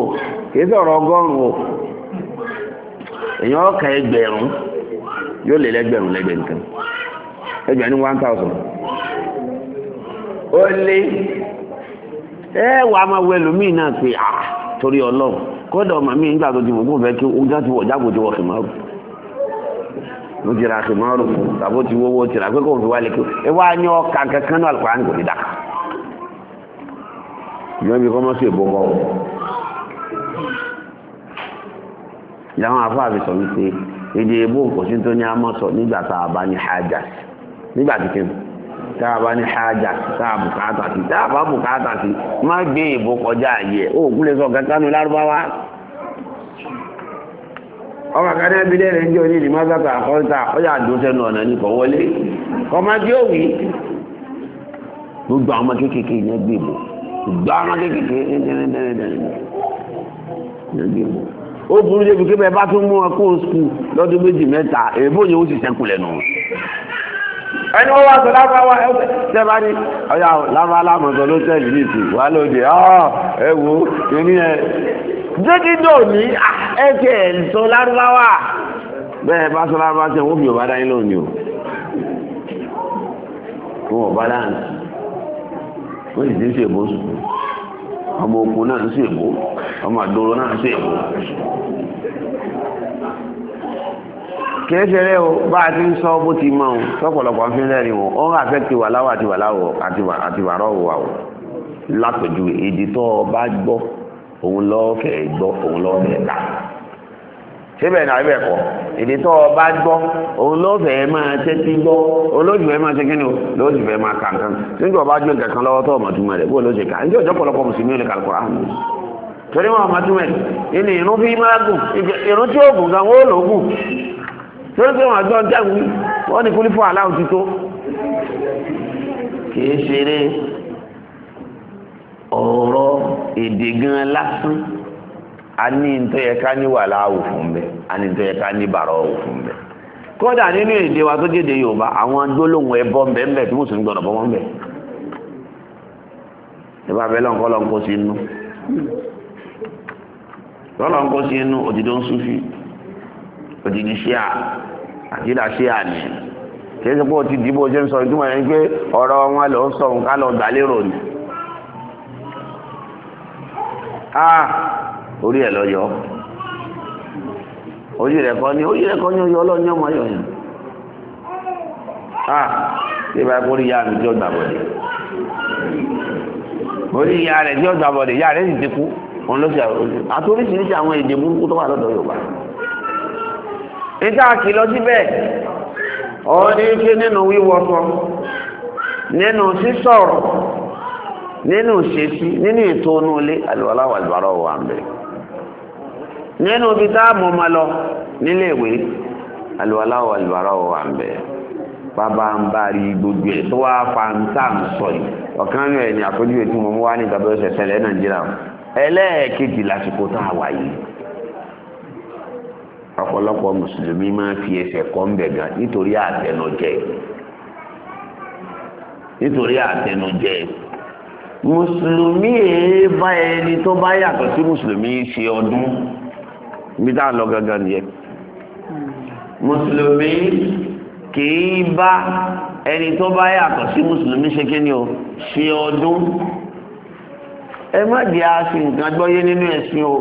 kìí sọrọ ọgọ́rùn o èèyàn ọkà ẹgbẹ̀rún yóò lé lẹ́gbẹ̀rún lẹ́gbẹ̀rún nǹkan ẹgbẹ̀rún one thousand ó lé ẹ máa náà pé à ah, torí ọlọ́run kódà ọmọ mi nígbà tó ti mọ̀ kó fẹ́ kí oúnjẹ ti wọ̀ jágòjò wọ̀ ló ti ra àṣemọ́rò fún tàbó ti wọ́wọ́ ti ra pé kò fi wá lékè ẹ wá ní ọkà kankan náà àlùkò àǹkò ní dàkà ìyọ́n bí kọ́mọ́ sí èbó kọ́ ìyáwọn afáàfi sọ wípé èdè èbó kò sí tó ní a mọ́ sọ nígbà tá a bá ní hájà nígbà tí kí tá a bá ní hájà tá a bùkátà sí tá a bá bùkátà sí má gbé èbó kọjá àyè ó òkú lè sọ lárúbáwá ọmọ àkàdé ẹbílẹ̀ rẹ̀ ń jẹ́ oní ìdìmọ́sàkà àkọ́ńtà ọjà àdóṣẹ́nu ọ̀nà ní kọ̀wọ́lé ọmọ tí ó wí gbogbo àwọn kéékèèké yẹn gbé bò gbogbo àwọn kéékèèké yẹn gbé bò ó burú débi pé bá tún mú wọn kó o sùkúù lọ́dún méjì mẹ́ta èèbó yẹn ó sì sẹ́kù lẹ́nu ẹni wọ́n wá sọ lábáwá ẹ̀fẹ̀ tẹ́ bá ní ọ̀yà lábáwá lámọ̀sọ̀ ló tẹ̀lé ní ìsìn wà jẹ́gídò ní ẹ̀kẹ́ ẹ̀sọ́ lárúbáwá bẹ́ẹ̀ bá sọ lárúbá sí wọ́n fi ò bá dá ilé òní o wọ́n bá dáhùn wọ́n sì ti ń ṣèbó ọmọ okun náà ń ṣèbó ọmọ àdóró náà ń ṣèbó kìí o bá a ti ń sọ bó ti mọ o lọ́pọ̀lọpọ̀ fi ń rẹ́rìn o ó ń àfẹ́ ti wà láwọ̀ àti wà láwọ̀ àti wà rọ̀ wà o lápẹ̀jù èdè tó o bá òun lọ́ọ̀fẹ́ gbọ, òun lọ́ọ̀fẹ́ ta síbẹ̀ náà ibẹ̀ kọ́ èdè tó o bá gbọ́ òun lọ́ọ̀fẹ́ máa tẹ́tí gbọ́ òun lọ́ọ̀fẹ́ máa ṣe o lọ́ọ̀fẹ́ máa nígbà ọba lọ́wọ́ tó túmọ̀ rẹ̀ ló ṣe kà pọ̀lọpọ̀ mùsùlùmí olè kàlùkọ́ àmì torí wọn túmọ̀ rẹ̀ irun fi máa gùn irun tí gùn gan wọ́n ló gùn ọ̀rọ̀ èdè gan lásán a ní ìtọ́yẹká ní wàhálà àwò fún bẹ́ẹ̀ a ní ìtọ́yẹká ní bàrọ̀ àwò fún bẹ́ẹ̀ kódà nínú èdè wa tó jẹ́dẹ̀ yorùbá àwọn gbólóhùn ẹbọ mbẹ́mbẹ́ tí mùsùlùmí gbọ́dọ̀ bọ́ mbẹ́ ìbá bẹ́ẹ̀ lọ́nkọ́ lọ́nkọ́ sí inú lọ́nkọ́ sí inú òdìdó ń súfì òdìdí ṣíà àtìlá ṣíà ni kí ẹ sọ pé o ti dìbò ṣe ń sọ ìtumọ̀ yẹn pé ọ̀rọ̀ wọn lọ sọ nǹkan lọ gbàlérò ni a ah, orí ẹ̀ lọ yọ orí rẹ̀ kọ́ ni orí rẹ̀ kọ́ ni ó yọ ọlọ́run ọmọ ayọ̀ yẹn a ah, ṣé báyìí kó rí ìyá mi tí ó gbàbọ̀dẹ̀ orí ìyá rẹ̀ tí ó gbàbọ̀dẹ̀ ìyá rẹ̀ sì ti kú òun ló ṣe àtòríṣiríṣi àwọn èdè burúkú tó wà lọ́dọ̀ Yorùbá ìta àkìlọ síbẹ̀ ọ̀ọ́ ní kí nínú wíwọ́ sọ nínú sísọ̀rọ̀ nínú ṣesí nínú ètò onú ilé àlùwàláwà àlùwàrọ̀ wà ń bẹ nínú ibi tá a lọ nílé ìwé alụọla àlùwàrọ̀ wà ń bẹ bàbá ń bá rí gbogbo ẹ̀ tó wá fa ń tà ń sọ yìí ọ̀kan ní ètò wá ní nàìjíríà ẹlẹ́ẹ̀kejì lásìkò tá a wà yìí ọ̀pọ̀lọpọ̀ mùsùlùmí máa fi ẹsẹ̀ mùsùlùmí èé bá ẹni tó bá yàtọ̀ sí mùsùlùmí ṣe ọdún bí dáa lọ gangan nìyẹn mùsùlùmí kìí bá ẹni tó bá yàtọ̀ sí mùsùlùmí ṣe kí ni o ṣe ọdún ẹ má jẹ́ aṣọ nǹkan gbọ́yé nínú ẹ̀sìn o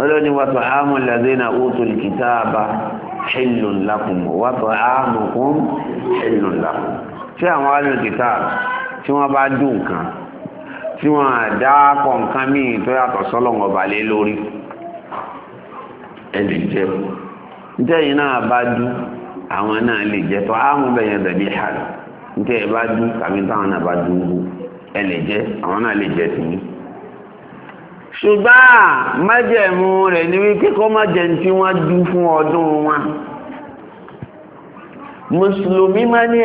ọlọ́ni wa ta'amu alladhina utul kitaba hillun lakum wa ta'amukum hillun lakum ṣé àwọn alùkìtà tí wọ́n bá dùn nǹkan tí wọ́n pọ̀ nǹkan míì tó yàtọ̀ sọ́lọ̀wọ̀n ọba lé lórí ẹ lè jẹ ntẹ́yìn náà bá dùn àwọn náà lè jẹ tó áàmù bẹ̀yẹn bá dùn tàbí táwọn náà bá dùn ẹ lè àwọn náà lè jẹ tìmí. ṣùgbọ́n májẹ̀mú rẹ̀ ní wípé kó má jẹ tí wọ́n dú mùsùlùmí má ní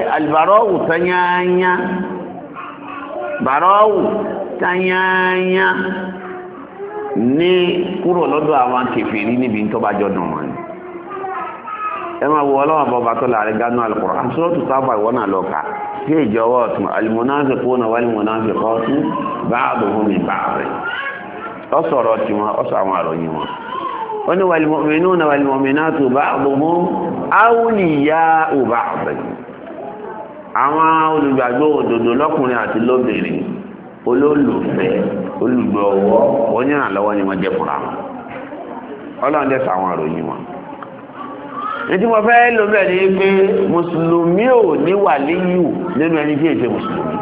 bàrọ́wù tanyanya ní kúrò lọ́dọ̀ àwọn kèfèrí níbi tó bá jọ dùn wọn ẹ máa wọ ọlọ́wọ́ bọ́ba tó láàrin gánú Al-Qur'an Suratu Tawba ìwọ náà lọ kà sí ìjọwọ́ ọ̀tún al-munafiquna wal-munafiqatu ba'duhum min ba'd ọ sọ̀rọ̀ tiwọn ọ sọ àwọn àròyìn wọn ó ní wal-mu'minuna wal-mu'minatu ba'duhum awliya'u ba'd àwọn olùgbàgbọ́ òdodo lọ́kùnrin àti lóbìnrin olólùfẹ́ olùgbọ̀wọ́ onírànlọ́wọ́ ni wọ́n jẹ́ fúnra wọn ọlọ́run dẹ̀ àròyìn wọn ètí mo fẹ́ lò bẹ́ẹ̀ ni pé mùsùlùmí ò ní wàlíyù nínú ẹni tí èsè mùsùlùmí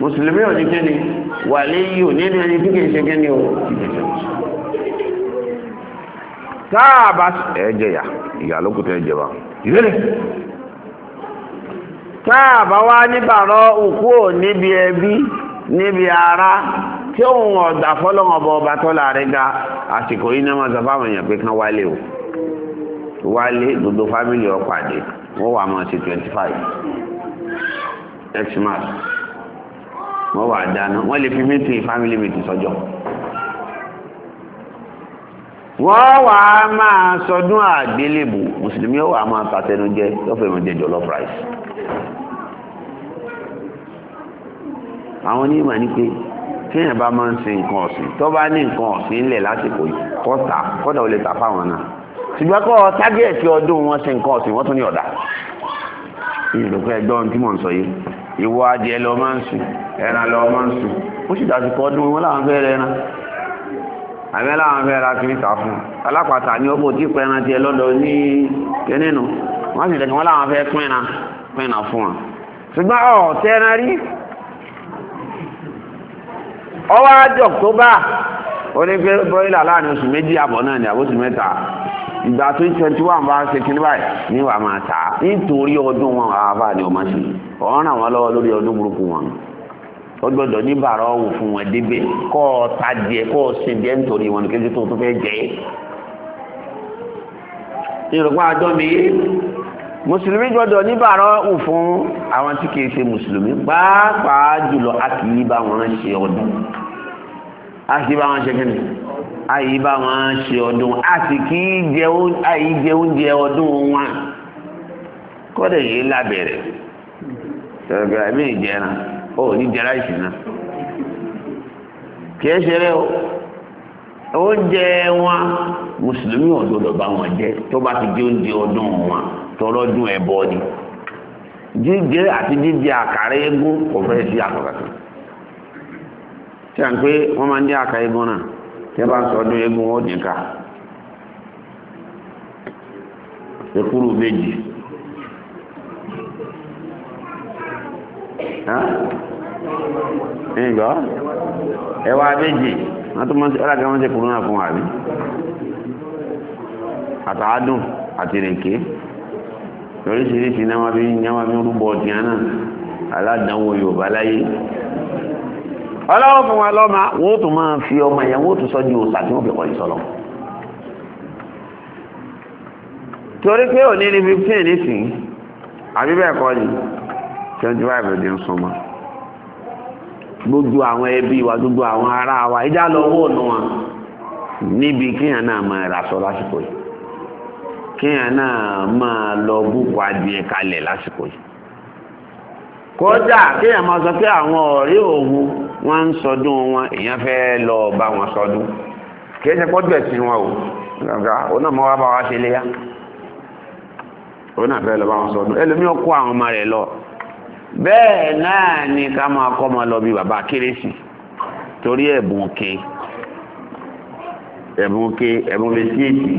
mùsùlùmí ò ní kíni wàlíyù nínú ẹni tí kìí ṣe kíni o ìgbésẹ̀ mùsùlùmí bá ẹ̀jẹ̀ yà ìyà lókùtà ẹ̀jẹ̀ wa ìrẹ́lẹ̀ táà bá wá níbàárọ̀ òkú ò níbi ẹbí níbi ara tí òun ọ̀dà fọ́lọ́wọ́n ọba ọba tọ́lá rẹ̀ ga àsìkò yìí ní wọ́n fáwọn èèyàn pé kán wálé o wálé gbogbo fámìlì ọ̀pàdé wọ́n wà mọ̀ sí twenty five xmas wọ́n wà dáná wọ́n lè fi mítì fámìlì mítì sọ́jọ́ wọ́n wà á máa sọdún àgbélébù mùsùlùmí ó wà á máa tàtẹnujẹ lọ́fẹ̀ẹ́ mọ̀ jẹ jọlọ́f àwọn onímọ̀ ní pé téèyàn bá máa ń sin nǹkan ọ̀sìn tó bá ní nǹkan ọ̀sìn ńlẹ̀ lásìkò yìí kọ́ tà kọ́dà ó lè tà fáwọn náà ṣùgbọ́n kọ́ tágẹ́ẹ̀tì ọdún wọn sin nǹkan ọ̀sìn wọ́n tún ní ọ̀dà ìrìnlọ́pọ̀ ẹgbọ́n tí mò ń sọ yìí ìwọ adìẹ lọ máa ń sùn ẹran lọ máa ń sùn ó sì dájú kọ́ ọdún wọn láwọn fẹ́ẹ́ rẹran àmì láwọn fẹ́ẹ́ ra kiri ta fún alápàtà ní ọkọ̀ tí pẹran tiẹ lọ́dọ̀ ní kẹ́nìnù wọ́n sì dẹ̀ kí láwọn fẹ́ẹ́ pínra fún wọn ṣùgbọ́n ọ̀ tẹ́ran rí ọwọ́ àjọ October onígbé bọ́ílà láàrin oṣù méjì àbọ̀ náà ni àbóṣù mẹ́ta ìgbà tó twenty one bá ṣe kí ní báyìí ní máa nítorí ọdún wọn àbá ni ọmọ ṣe ọ̀ràn ọdụ lọ́wọ́ lórí ọdún burúkú wọn ó gbọ́dọ̀ ní bàrà fún wọn débẹ̀ kọ́ ọ ta kọ́ ọ nítorí wọn kí tó tó mùsùlùmí gbọdọ̀ níbàárọ̀ wù fún àwọn tí kìí ṣe mùsùlùmí pàápàá jùlọ a kì í bá wọn ṣe ọdún a kì í bá wọn ṣe kíni a yìí bá wọn ṣe ọdún a sì kì í jẹ oúnjẹ ọdún wọn kọ́dẹ̀ yìí lábẹ̀rẹ̀ tẹ̀lẹ̀gbẹ̀ àmì ìjẹran ó ní jẹrà ìṣìnà kìí ṣeré o oúnjẹ wọn mùsùlùmí ò gbọdọ̀ bá wọn jẹ tó bá ti jẹ oúnjẹ ọdún wọn. tọlọ́dún ẹ̀bọ ni jíjẹ àti jíjẹ àkàrà akara kò fẹ́ sí àkàràkà tí a ń pé wọ́n máa ń dé a bá ń sọ ọdún eégún dín ká ekuru méjì ẹ̀yọ́ ẹwà méjì wọ́n tún mọ́ sí ọlọ́gbẹ́ wọ́n ti kúrú náà fún wa rí àtàádùn àti oríṣiríṣi ní wọ́n fi ń wọ́n fi ń rúbọ àná aládánwò yorùbá láyé ọlọ́wọ́ fún wa lọ́mà wọ́n tún máa fi ọmọ ẹ̀yà wọ́n tún sọ́jú òsà tí wọ́n fi kọ̀yìn sọ́lọ́ torí pé òní ní gbogbo àwọn ẹbí wa gbogbo àwọn ará wa níbi kíyàn náà máa rà kíyàn náà máa lọ búkọ adìẹ kalẹ̀ lásìkò yìí kọjá kíyàn máa sọ pé àwọn ọ̀rẹ́ òun wọ́n ń sọdún wọn èèyàn fẹ́ lọ bá wọn sọdún kìí ṣe pọ́jú ẹ̀sìn wọn o gbàgbà ó náà mọ́ wá bá wa ṣe léyà ó náà fẹ́ lọ bá wọn sọdún ẹlòmíì kó àwọn ọmọ rẹ̀ lọ bẹ́ẹ̀ náà ni ká máa kọ́ ọmọ lọ bí bàbá kérésì torí ẹ̀bùn ke ẹ̀bùn ke ẹ̀bùn bisikíìtì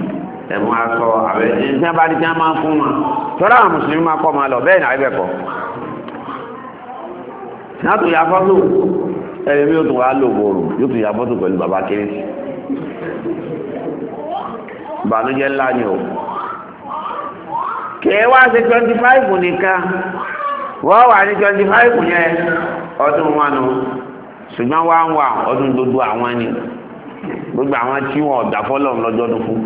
ẹ̀mú akọ àbẹ̀ ẹ̀sìn bá dìjà máa fún wọn tọ́lá àwọn mùsùlùmí máa kọ́ máa lọ bẹ́ẹ̀ náà ibẹ̀ kọ́ sínátò ya fọ́tò ẹ̀rẹ̀ mi ò tún wá lò bòrò yóò tún ya fọ́tò pẹ̀lú bàbá kérésì ìbànújẹ́ ńlá ni o kèé wá sí twenty five nìkan wọ́n wà ní twenty five yẹn ọdún wọn nù ṣùgbọ́n wá ń wà ọdún gbogbo àwọn ni gbogbo àwọn tí wọn ọ̀dà fọ́lọ́run lọ́jọ́ dún fún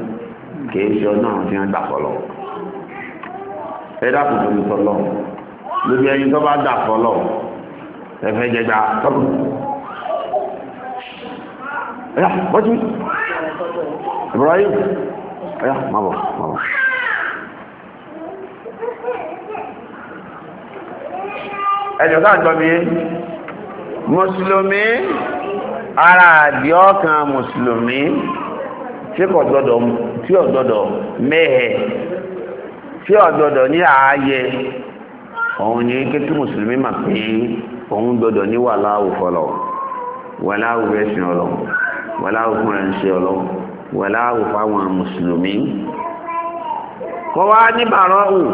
kìí ṣe ọdún àwọn tí wọ́n gbà fọlọ́ ẹ dákun tó ní fọlọ́ lóbi ẹni tó bá gbà fọlọ́ ẹ fẹ́ jẹ gbà tọ́kù ẹ bọ́jú Ibrahim ẹ yà má bọ̀ má bọ̀. ẹjọ́ mi mùsùlùmí ara àdìọ́kan mùsùlùmí tí kò gbọdọ̀ tí ò gbọdọ̀ mẹ́hẹ̀ tí ò gbọdọ̀ ní ààyè òun ní kékeré mùsùlùmí mà pé òun gbọdọ̀ ní wà láwù fọlọ̀ wà láwù ẹ̀sìn ọlọ wà láwù fún ẹ̀sìn ọlọ wà láwù fáwọn mùsùlùmí kọ́ wá ní bàárọ̀ òun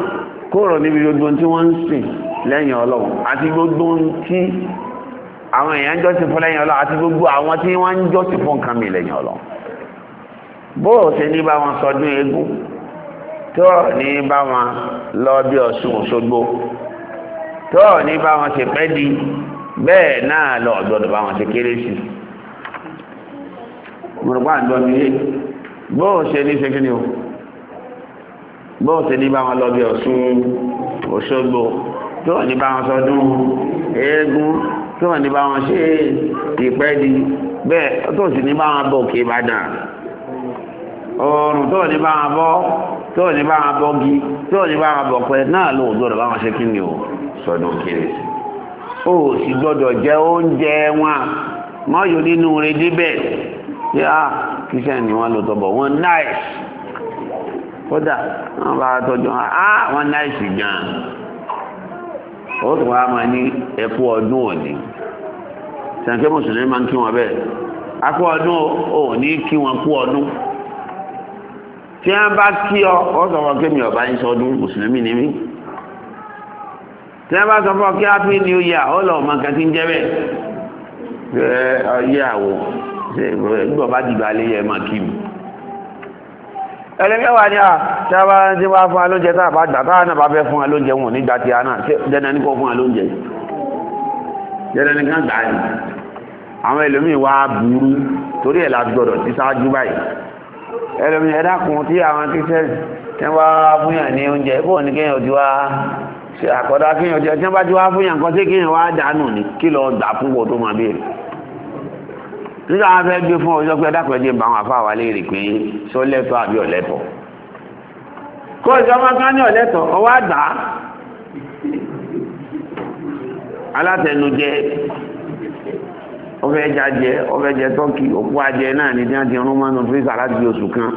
kóòrò níbi gbogbo tí wọ́n ń sìn lẹ́yìn ọlọ́run àti gbogbo tí àwọn èèyàn jọ́sìn fún lẹ́yìn ọlọ́run àti gbogbo àwọn tí wọ́n ń jọ́sìn fún nǹkan mi lẹ́yìn ọlọ́run bóò ṣe ní bá wọn sọdún eégún tó ní bá wọn lọ bí Ọ̀ṣun Òṣogbo tó ní bá wọn ṣe pẹ́ di bẹ́ẹ̀ náà lọ ọ̀gbọ́dọ̀ bá wọn ṣe kéré sí mọ̀rọ̀pá àjọ mi yé bóò ṣe ní ṣe kíni o bóò ṣe ní bá wọn lọ bí Ọ̀ṣun Òṣogbo tó ní bá wọn sọdún eégún tó ní bá wọn ṣe ìpẹ́ di bẹ́ẹ̀ tó sì ní bá wọn bọ̀ kí Ìbàdàn oòrùn tó ní bá wọn bọ́ tó ní bá wọn bọ́ gi tó ní bá wọn bọ̀ pẹ́ náà ló gbọ́dọ̀ bá wọn ṣe kí ni o sọ̀dọ̀ kiri o sì gbọ́dọ̀ jẹ oúnjẹ wọn mọ́yò nínú rẹ débẹ̀ tí a kíṣẹ́ ni wọ́n lò tọ́bọ̀ wọ́n náìs kódà wọ́n bá tọ́jú wọn á ah, wọ́n náìs gan ó tún wá máa ní ẹkú ọdún òní sànkẹ́ mùsùlùmí máa ń kí wọn bẹ́ẹ̀ akú ọdún ò kí wọn kú ọdún tí wọ́n bá kí ọ ọ sọ fún ọ kí mi ọba ń sọdún mùsùlùmí ni mí tí wọ́n bá sọ fún ọ kí happy new year ọ lọ ọmọ kan tí ń jẹ́ bẹ́ẹ̀ ẹ ọyẹ àwọ̀ ṣe ìgbọ̀ bá dìgbà lé yẹ máa kí mi ẹlẹ́gbẹ́wà ni à tí a bá ń tí wá fún alóúnjẹ tá àbá gbà táwọn náà bá fẹ́ fún alóúnjẹ wọn nígbà tí a náà jẹ́nà ní kọ́ fún alóúnjẹ jẹ́nà ní gbà ní àwọn ẹlòmíì wá burú torí ẹ̀ láti gbọ́dọ̀ sí ṣáájú báyìí ẹlòmí ẹ̀dàkùn tí àwọn kíṣẹ́sì tí wá fúnyàn ní oúnjẹ bóò ní kíyàn ti wá ṣe àkọ́dá kíyàn o ọjọ́ bá ti wá fúnyàn kan tí o wá dànù ní kí lọ gbà fún gbò tó máa béèrè nígbà wọn fẹ́ gbé fún ọjọ́ pé ẹ̀dàkùn ẹ̀dẹ̀ bá wọn àfáà wà léèrè pé ṣó lẹ́tọ̀ àbí ọ̀lẹ́tọ̀ kó ìjọba kan ní ọfẹ́ ẹja jẹ ọfẹ́ jẹ tọ́kì òkú ajẹ náà ní díẹ̀ díẹ̀ ọdún mọ́nà fírísà láti oṣù kan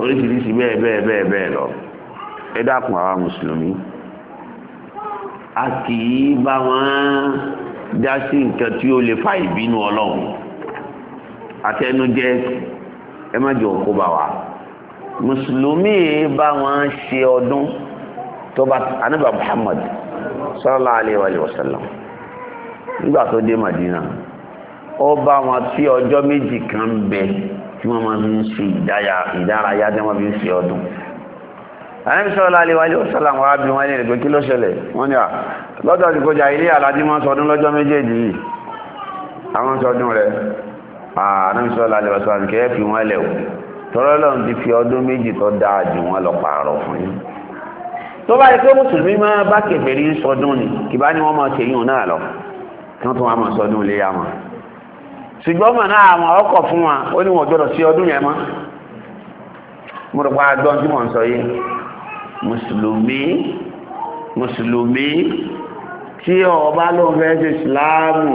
oríṣiríṣi bẹ́ẹ̀ bẹ́ẹ̀ bẹ́ẹ̀ bẹ́ẹ̀ lọ ẹ dákun àwa mùsùlùmí a kì í bá wọn já sí nǹkan tí ó lè fa ìbínú ọlọ́run àtẹnujẹ ẹ má jẹ́ òkú bá wa mùsùlùmí bá wọn ṣe ọdún tó bá anábà Muhammad sallallahu alayhi wa sallam nígbà tó dé Madina ó bá wọn tí ọjọ́ méjì kan bẹ tí wọ́n máa fi ń ṣe ìdárayá tí wọ́n fi ń ṣe ọdún àyẹ́mísọ́lá aléwálé ó sọ́lá wọn ábí wọn ilẹ̀ pé kí ló ṣẹlẹ̀ wọ́n ni à lọ́dọ̀ ti kọjá ilé àlájí máa sọdún lọ́jọ́ méjèèjì yìí àwọn sọdún rẹ̀ àyẹ́mísọ́lá aléwálé wọ́n lẹ̀ ni kì bá ní wọ́n tí na tún wá mọ̀ sọ ọdún ilé yá wọn ṣùgbọ́n mọ̀ náà àwọn ọkọ̀ fún wa ó ní wọn gbọ́dọ̀ sí ọdún yẹn mọ́ mo agbọ́n tí mò sọ yìí mùsùlùmí mùsùlùmí tí ọba ló ń fẹ́ ṣe ìsìláàmù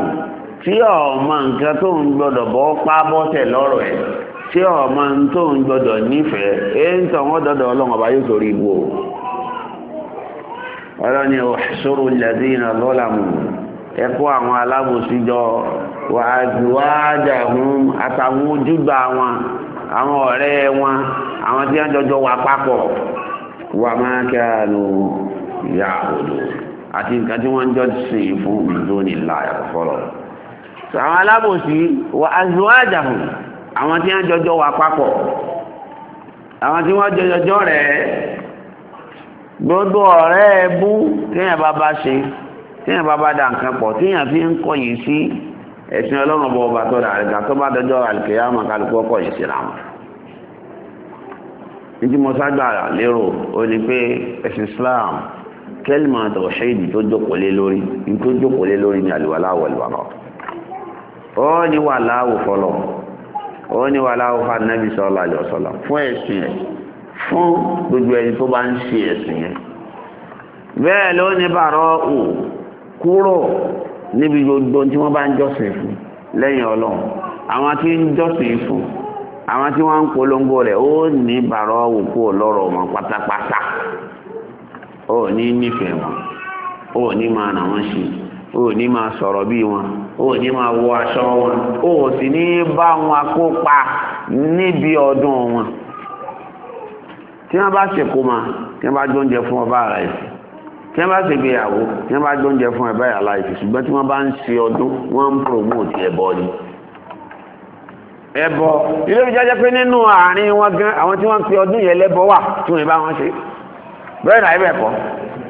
tí ọmọ nǹkan tó ń gbọ́dọ̀ bọ́ pa bọ́tẹ̀ lọ́rọ̀ ẹ̀ tí ọmọ tó ń gbọ́dọ̀ nífẹ̀ẹ́ èyí ń wọ́n dọ́dọ̀ ọlọ́run ọba yóò ẹ̀kọ́ àwọn alábòsíjọ wà ájúwájà fún àtàwọn ojúgbà wọn àwọn ọ̀rẹ́ wọn àwọn tí wọ́n jọjọ wà papọ̀ wà máa kí a lò ìyá òdò àti nǹkan tí wọ́n jọ sí fún ìdóni láyà fọ́lọ̀ àwọn alábòsí wà ájúwájà fún àwọn tí wọ́n jọjọ wà papọ̀ àwọn tí wọ́n jọjọ rẹ̀ gbogbo ọ̀rẹ́ ẹbú kéèyàn bá bá ṣe tíyàn bá bá da nǹkan pọ̀ tíyàn fi ń kọ̀yìn sí ẹ̀sìn ọlọ́run bọ̀ ọba tó dàrí gà tó bá dọjọ́ àlùkìyámà kálukú kọ̀yìn sí ra wọn. nítorí mo ságbà lérò ó ní pé ẹ̀sìn Islam kẹ́lìmọ̀ tọ̀ṣẹ́yìdì tó jókòó lé lórí ní tó jókòó lé lórí ní àlùwàlá àwọ̀lùwàlá ó ní wà láàwù fọlọ́ ó ní wà láàwù fún anábì sọ́lá àjọsọ́lá fún ẹ̀sìn ẹ̀ fún gbogbo ẹni tó bá ń ṣe ẹ̀sìn yẹn bẹ́ẹ̀ ló ní bàárọ̀ ò kúrò níbi gbogbo tí wọ́n bá ń jọ́sìn fún lẹ́yìn ọlọ́run àwọn tí ń jọ́sìn fún àwọn tí wọ́n ń polongo rẹ̀ ó ní bàrọ̀ òkú ọlọ́rọ̀ wọn pátápátá ó ní nífẹ̀ẹ́ wọn ó ní máa nà wọ́n ṣe ó ní máa sọ̀rọ̀ bí wọn ó ní máa wọ aṣọ wọn ó sì ní bá wọn kópa níbi ọdún wọn tí wọ́n bá ṣèkó ma tí wọ́n bá jóúnjẹ fún ọba rẹ̀ sí tí wọ́n bá ṣe ìgbéyàwó tí wọ́n bá gbóúnjẹ fún ẹ̀bá ìyàlá ìfì ṣùgbọ́n tí wọ́n bá ń ṣe ọdún wọ́n ń promote ẹbọ ni ẹbọ ilé ìjọ jẹ́ pé nínú àárín wọn gan àwọn tí wọ́n ń pe ọdún yẹn lẹ́bọ wà tí wọ́n bá wọn ṣe bẹ́ẹ̀ náà ibẹ̀ kọ́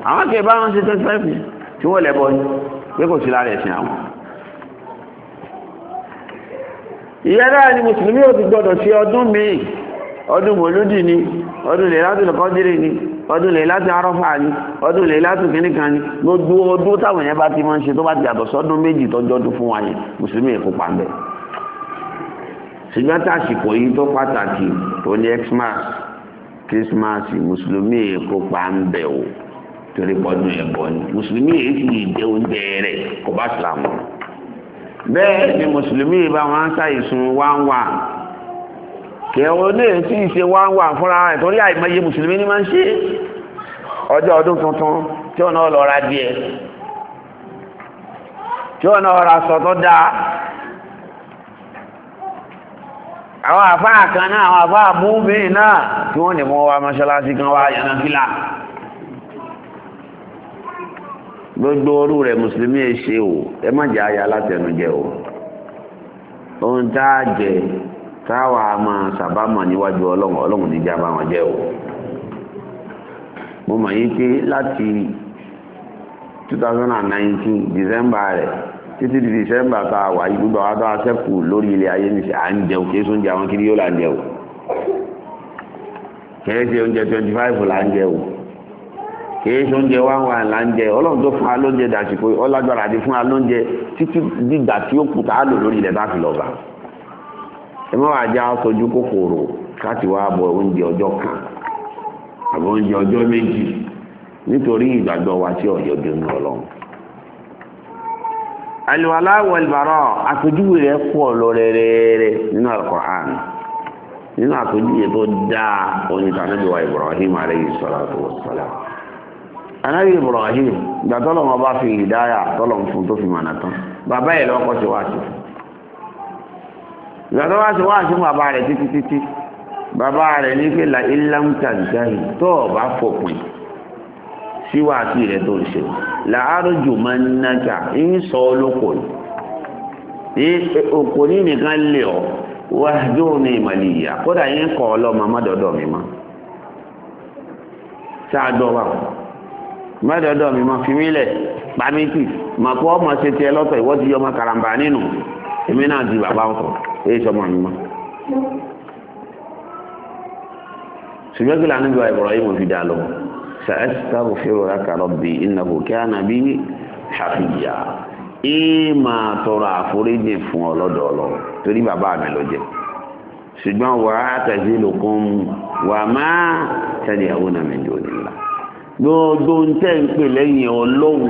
àwọn kì í bá wọn ṣe twenty five years tí wọ́n lẹ́bọ ni pé kò sí lára ẹ̀sìn àwọn ìyẹn náà ni mùsùlùmí ò ti gbọdọ̀ ṣe ọdún míì ọdún mọ̀lúdì ni ọdún lè látò kọ́dírì ni ọdún lè látò arọ́fà ni ọdún lè látò kìnnìkan ni gbogbo ọdún táwọn yẹn bá ti máa ń ṣe tó bá ti yàtọ̀ sọ́dún méjì tọ́jọ́ tó fún wa yẹn mùsùlùmí èkó pa bẹ́ẹ̀. ṣùgbọ́n tàṣìkò yìí tó pàtàkì tó ní xmas christmas mùsùlùmí èkó pa o torí pọ́dún ẹ̀ bọ́ ni mùsùlùmí èyí sì jẹ oúnjẹ rẹ̀ kò bá ṣàmù bẹ́ẹ̀ ni mùsùlùmí bá wọn ń ṣàìsùn wá ń ìrún náà sì ṣe wá ń wà fúnra rẹ̀ torí àìmọye mùsùlùmí ni máa ń ṣe ọjọ́ ọdún tuntun tí ó náà lọ ra díẹ̀ tí ó náà ra sọ tó dáa àwọn àfáà kan náà àwọn àfáà búbí náà tí wọ́n ní mọ́ wá mọ́ṣáláṣí kan wá yànnà fílà gbogbo orú rẹ̀ mùsùlùmí ẹ ṣe o ẹ má jẹ́ àyà látẹnujẹ o ohun tá a jẹ táwa máa sàbámà níwájú ọlọ́run ọlọ́run níjà bá wọn jẹ́ o mo mọ̀ yí pé láti 2019 December rẹ̀ títí di December tá a wà yí gbogbo àwọn sẹ́kù lórí ilé ayé nìṣẹ́ à ń jẹun kí sóúnjẹ àwọn kiri yóò là ń jẹ o kìí ṣe oúnjẹ 25 là ń jẹ o kìí ṣe oúnjẹ one one là ń jẹ ọlọ́run tó fún alóúnjẹ dàsìkò fún alóúnjẹ títí tí ó kù tá a lò lórí ilẹ̀ ẹ má wàá já kòkòrò káti wá bọ oúnjẹ kan àbọ̀ oúnjẹ ọjọ́ méjì nítorí ìgbàgbọ́ wa tí ọ̀yọ́ bí ń àlùwàlá wẹ̀lbàrọ̀ àpèjúwe rẹ̀ pọ̀ lọ nínú tó dáa onítànàbí wa Ibrahim wa Ibrahim fi tọ́lọ̀ fún tó fi bàbá lọ́kọ́ ìgbà tó wá ṣe wá ṣe bàbá rẹ̀ títí títí bàbá rẹ̀ ní pé la ilamta jahi tó o bá fòpin síwá àti rẹ̀ tó ń ṣe làárọ̀jù máa ń nájà ń sọ olóko ní òkò ní nìkan lè ọ wá yóò ní ìmọ̀lẹ̀ ìyá kódà yín kọ́ ọlọ́mọ mọ́dọ̀dọ̀ mi mọ́ sáà dọ́ wà wọ́n mẹ́dọ̀ọ́dọ̀ mi máa fi mí lẹ̀ pàmítì màkú ọmọ ṣe tiẹ̀ lọ́tọ̀ ìwọ́dìí ọmọ karambà nínú èmi náà di bàbá ọkọ̀ èyí sọmọ mi mọ́ ṣùgbọ́n kí lànà bí wa Ibrahim fi dá lọ sàẹ́sítàbù fèrò rákà rọ̀bì ìnáwó kí á nà bí ṣàfihà èyí máa tọrọ àforíjì fún ọlọ́dọ̀ ọlọ torí bàbá mi lọ jẹ ṣùgbọ́n wà á tẹ̀sí lókun wà máa tẹ̀lé àwọn àmì ìjọ́ni ńlá gbogbo ń tẹ́ ń pè lẹ́yìn ọlọ́run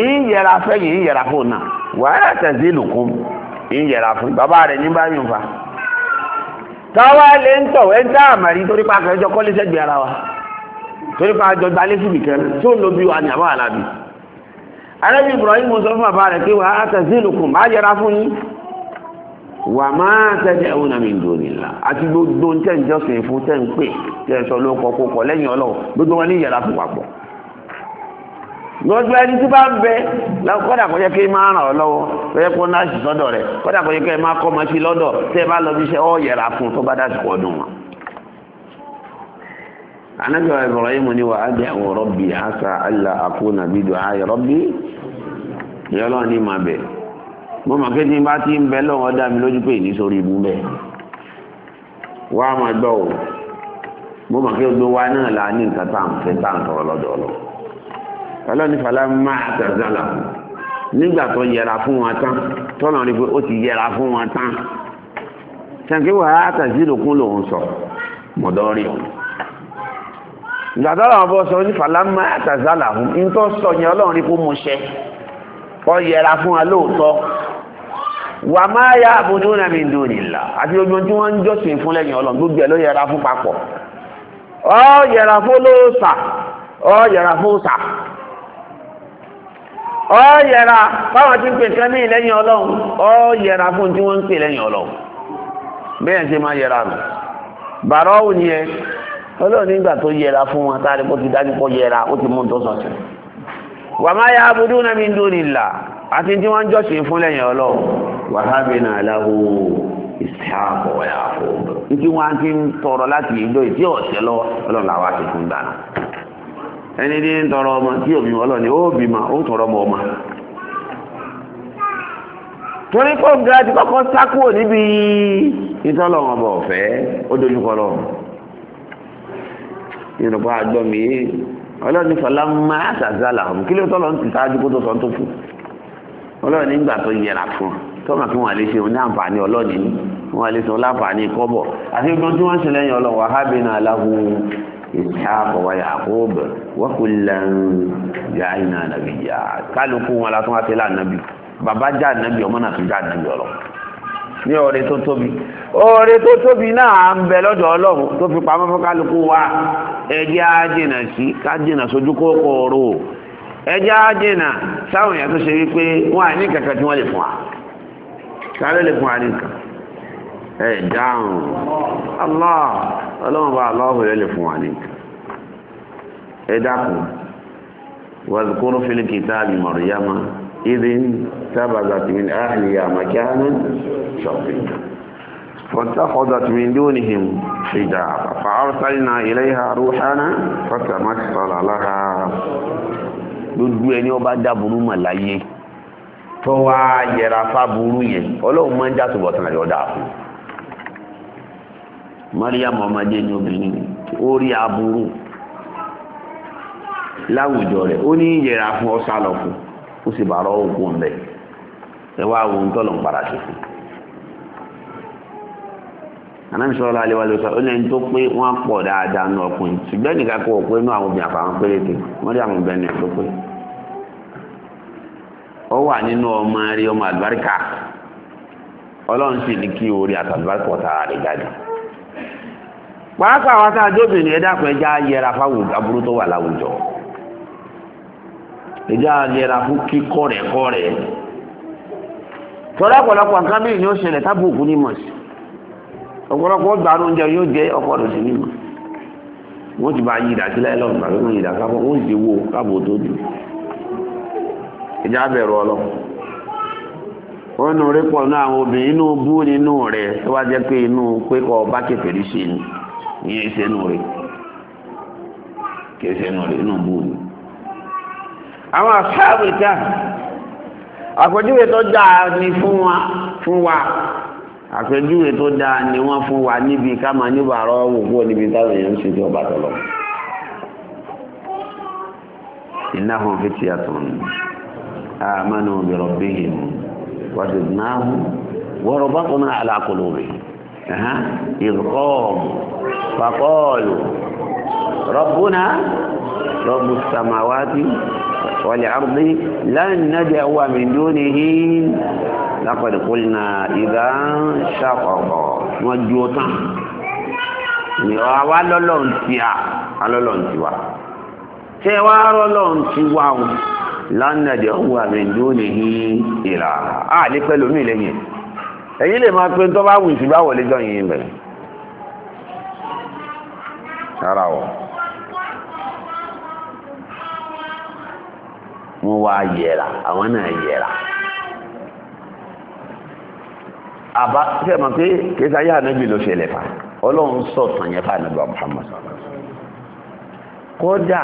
ìyẹra fẹ́yìn ìyẹra fún náà wà á tẹ̀sí lókun. ń yẹra fún bàbá rẹ̀ ní báyìí nfa táwa lè ń tọ̀ ẹ̀ ń àmàrí torí pa àkàrẹ́jọ kọ́lé wa torípa pa àjọ gbalé síbi tí ó ń lo wa ní àbá àlàbí arábí Ibrahim sọ fún bàbá rẹ̀ pé wà á tẹ̀sí ìlùkùn má yẹra fún yín wà máa tẹ́jẹ́ ẹ̀hún náà mi ń àti gbogbo ló lẹ́yìn gbogbo wọn ní yẹra fún gbogbo ẹni tí bá ń bẹ kọ́dà kò yẹ kí n máa ràn ọ́ lọ́wọ́ kò yẹ kó sọ́dọ̀ rẹ̀ kọ́dà kò yẹ kí n máa kọ́ ọmọ sí lọ́dọ̀ tẹ́ ẹ bá lọ bí iṣẹ́ ọ́ yẹra fún tó bá wọn. àwọn bi ma mo mọ̀ ti ń bẹ lọ́wọ́ dá mi lójú ọlọ́nifàlà máa tẹ̀síọ́lá nígbà tó yẹra fún wọn tán tọ́nà rí pé ó ti yẹra fún wọn tán ṣàǹkí wàá tàzílòkún lòun sọ mọ̀dọ́rí ọ̀hún ìgbàdọ́rọ̀ ọ̀bọ̀ sọ ní fàlámà àtàzálà hùn ní tó sọ yẹn ọlọ́run rí kó mú ṣẹ ọ yẹra fún wa lóòótọ́ wà máa yá àbójú náà mi dùn nìlà àti ojú tí wọ́n ń jọ́sìn fún lẹ́yìn ọlọ́run gbogbo ẹ̀ ló yẹra fún papọ̀ ọ yẹra fún lóòsà ọ yẹra fún sà ọ yẹra fáwọn tí ń pè kan ọ yẹra fún tí wọ́n ń pè lẹ́yìn ọlọ́run bẹ́ẹ̀ máa yẹra nù ò ní ẹ ọlọ́run nígbà fún wọn kó ti dájú pọ̀ yẹra ó ti mú tó wà náà mi ń dóni là àti tí wọ́n ń fún lẹ́yìn ọlọ́run láti fún ẹni ní tọrọ ọmọ tí òbí wọn o ni ó o ó tọrọ ọmọ ọmọ torí kó òun gíga ti kọ́kọ́ níbi ìtọ́lọ̀ ọmọ ọ̀fẹ́ ó dojúkọ lọ nínú pa àgbọ̀ máa ṣàzálà ọ̀hún kí ló tọ́lọ̀ ń ti kó tó sọ tó tó yẹra fún tọ́mà kí wọ́n lè ṣe ní àǹfààní lè ìsáàkọ̀ wáyé àkóbẹ̀ wọ́kùnlẹ̀ jàìnà nàbí yà kálukú wọn látún wá sí lánàbí Baba já nàbí ọmọ mana tún já nàbí ọlọ ní oore tó tóbi oore tó tóbi náà ń bẹ lọ́dọ̀ wa ẹjẹ́ á jìnà si ká jìnà na kòkòrò ẹjẹ́ á jìnà kankan ọlọ́run bá aláwọ̀ rẹ̀ lè fún wa ní nǹkan ẹ dákun wàzùkúrú fílíkì táàbì mọ̀rìyàmá ìdí tábàzà tìmí àhìlìyà màkíánú ṣọ̀fìn فاتخذت من دونهم حجابا فأرسلنا إليها روحنا فتمثل لها gbogbo ẹni ọba dáburú mọ̀ láyé tó wá yẹra fáburú mariam ọmọdé ní obìnrin ó aburú láwùjọ rẹ̀ ó ní yẹra fún ọ sálọ ó sì bàárọ̀ òkú ọ̀nbẹ ẹ wá tọ́lọ̀ ń padà sí fún anamisọ́lá alẹ́ ó tó pé wọ́n pọ̀ dáadáa ní ọkùnrin inú àwọn obìnrin àfàwọn péréte mariam tó pé ó wà nínú ọmọ rí ọmọ pàápàá àwọn tá a jóbìnrin ẹ dákun ẹja yẹra aburú tó wà láwùjọ ẹja yẹra fún kíkọ́ rẹ̀ kọ́ rẹ̀ tọ́lá ọ̀pọ̀lọpọ̀ nǹkan mìíràn yóò ṣẹlẹ̀ tábùkù ní mọ̀ sí ọ̀pọ̀lọpọ̀ gbàrú oúnjẹ yóò jẹ ọkọ̀ rẹ̀ sí ní wọ́n ti bá yí ìdájí wọ́n wo tó dùn bẹ̀rù pọ̀ àwọn obìnrin inú ìyẹn ìṣẹ́nu rẹ̀ kì í ṣẹ́nu rẹ̀ inú bú ni. àwọn àfáàbìkà àpèjúwe tó dáa ni fún wa fún wa àpèjúwe tó dáa ni wọ́n fún wa níbi ká máa níbà rọ́ wò kúrò níbi táwọn èèyàn ń ṣe ti ọba tọ̀lọ̀. innahum fityatun amanu bi rabbihim wa zidnahum wa rabatna ala qulubihim ìrùkọ́ọ̀mù pàkọ́ọ̀lù rọ́bùnà rọ́bù sàmàwátì wàlẹ̀ àrùbí láàrin nájà wà mìíràn ní lápàdùkúlìnà ìdá ṣàkọ̀kọ̀ wọ́n ju ọtán ni àwa lọ́lọ́ ń ti à alọ́lọ́ ń ti wà ní ìlà mi lẹ́yìn ẹ̀yin lè máa pé tó bá wù ìṣùgbà wọlé jọ yìí bẹ̀rẹ̀ ara ọ̀ wọ́n wá yẹra àwọn náà yẹra àbá tí ẹ mọ̀ pé kéésà yá ànábì ló ṣẹlẹ̀ fà ọlọ́run sọ̀tàn yẹn fà ànábì Muhammad kódà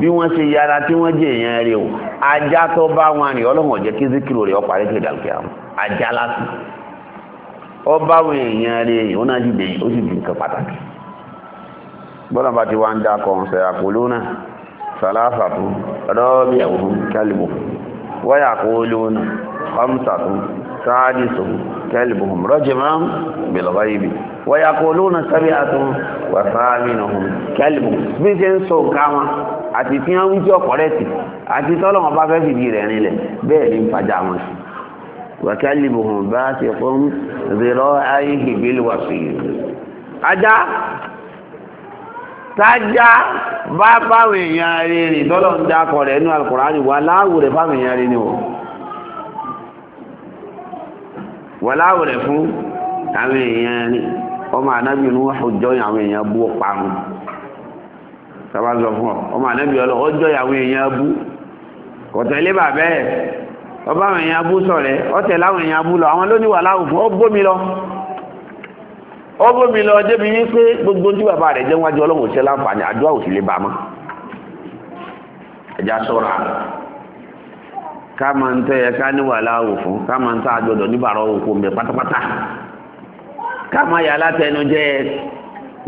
bí wọ́n ṣe yára tí wọ́n jẹ èèyàn rẹ̀ o ajá tó bá wọn rìn ọlọ́run ọ̀jẹ́ kí zikiru rẹ̀ ọ̀parí kéde àlùkẹ́ àwọn ajá lásìkò ọba àwọn èèyàn rẹ̀ ìwọ́n náà dìde ó sì di nǹkan pàtàkì gbọ́nà bá ti wá ń dákọ̀ ṣe àkóló náà sàlásàtú rọ́ọ̀bì ẹ̀wọ̀n kẹ́lìbù wáyà àkóló náà kọ́msàtú sáàdìsù kẹ́lìbù rọ́jìmọ́ bìlọ́wọ́ ibi wáyà àkóló náà sábíàtú wàsáàmìnà kẹ́lìbù bí ṣe ń وكلمهم باسق ذراعيه بالوصيل ajá tájá bá báwọn èèyàn rẹ̀ rìn tọ́lọ̀ ń dákọ̀ rẹ̀ ní alkùnrin wà láàwò rẹ̀ fáwọn èèyàn rẹ̀ ni wọ́n wà láàwò rẹ̀ fún àwọn èèyàn rẹ̀ ọmọ ànábì ní wọ́n jọyìn àwọn èèyàn bú ọparun sábà sọ fún ọ ọmọ ànábì ọlọ́ ọjọ́ àwọn èèyàn bú kọ̀tẹ́lé bàbẹ́ ọba àwọn èèyàn abú sọ̀rẹ́ ọ̀tẹ̀ láwọn èèyàn abú lọ àwọn lóníwà láwùfún ó bómi lọ ó bómi lọ débi wípé gbogbo tí bàbá rẹ̀ jẹ́ wájú ọlọ́run ṣe láǹfààní àdúrà ẹja sọ́ra ká máa ń tẹ́ ẹ ká níwà ká máa ń tẹ́ níbàárọ̀ òkú mi pátápátá ká máa yà látẹnu jẹ́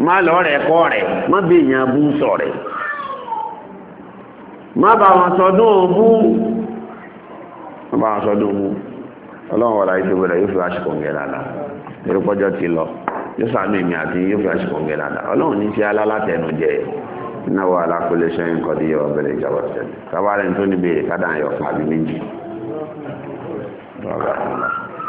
má kọ́ rẹ̀ má bí èèyàn abú sọ̀rẹ́ má bá wọn sọdún wọ́n bá wọn sọ́dún mú ọlọ́run wọ̀lá ìṣòwò rẹ̀ yóò fi àṣìkò ń gẹ̀ dáadáa erúpọ́jọ́ ti lọ yóò sàánú èmi àti yóò fi àṣìkò ń gẹ̀ dáadáa ọlọ́run ní ti alálàtẹnu jẹ náwó alákòlẹ́sẹ̀ ń kọ́ di ọ̀bẹ̀rẹ̀ ìjọba sẹ́ni sábà rẹ̀ tó níbi ìkádà yọ̀ fún àbí méjì.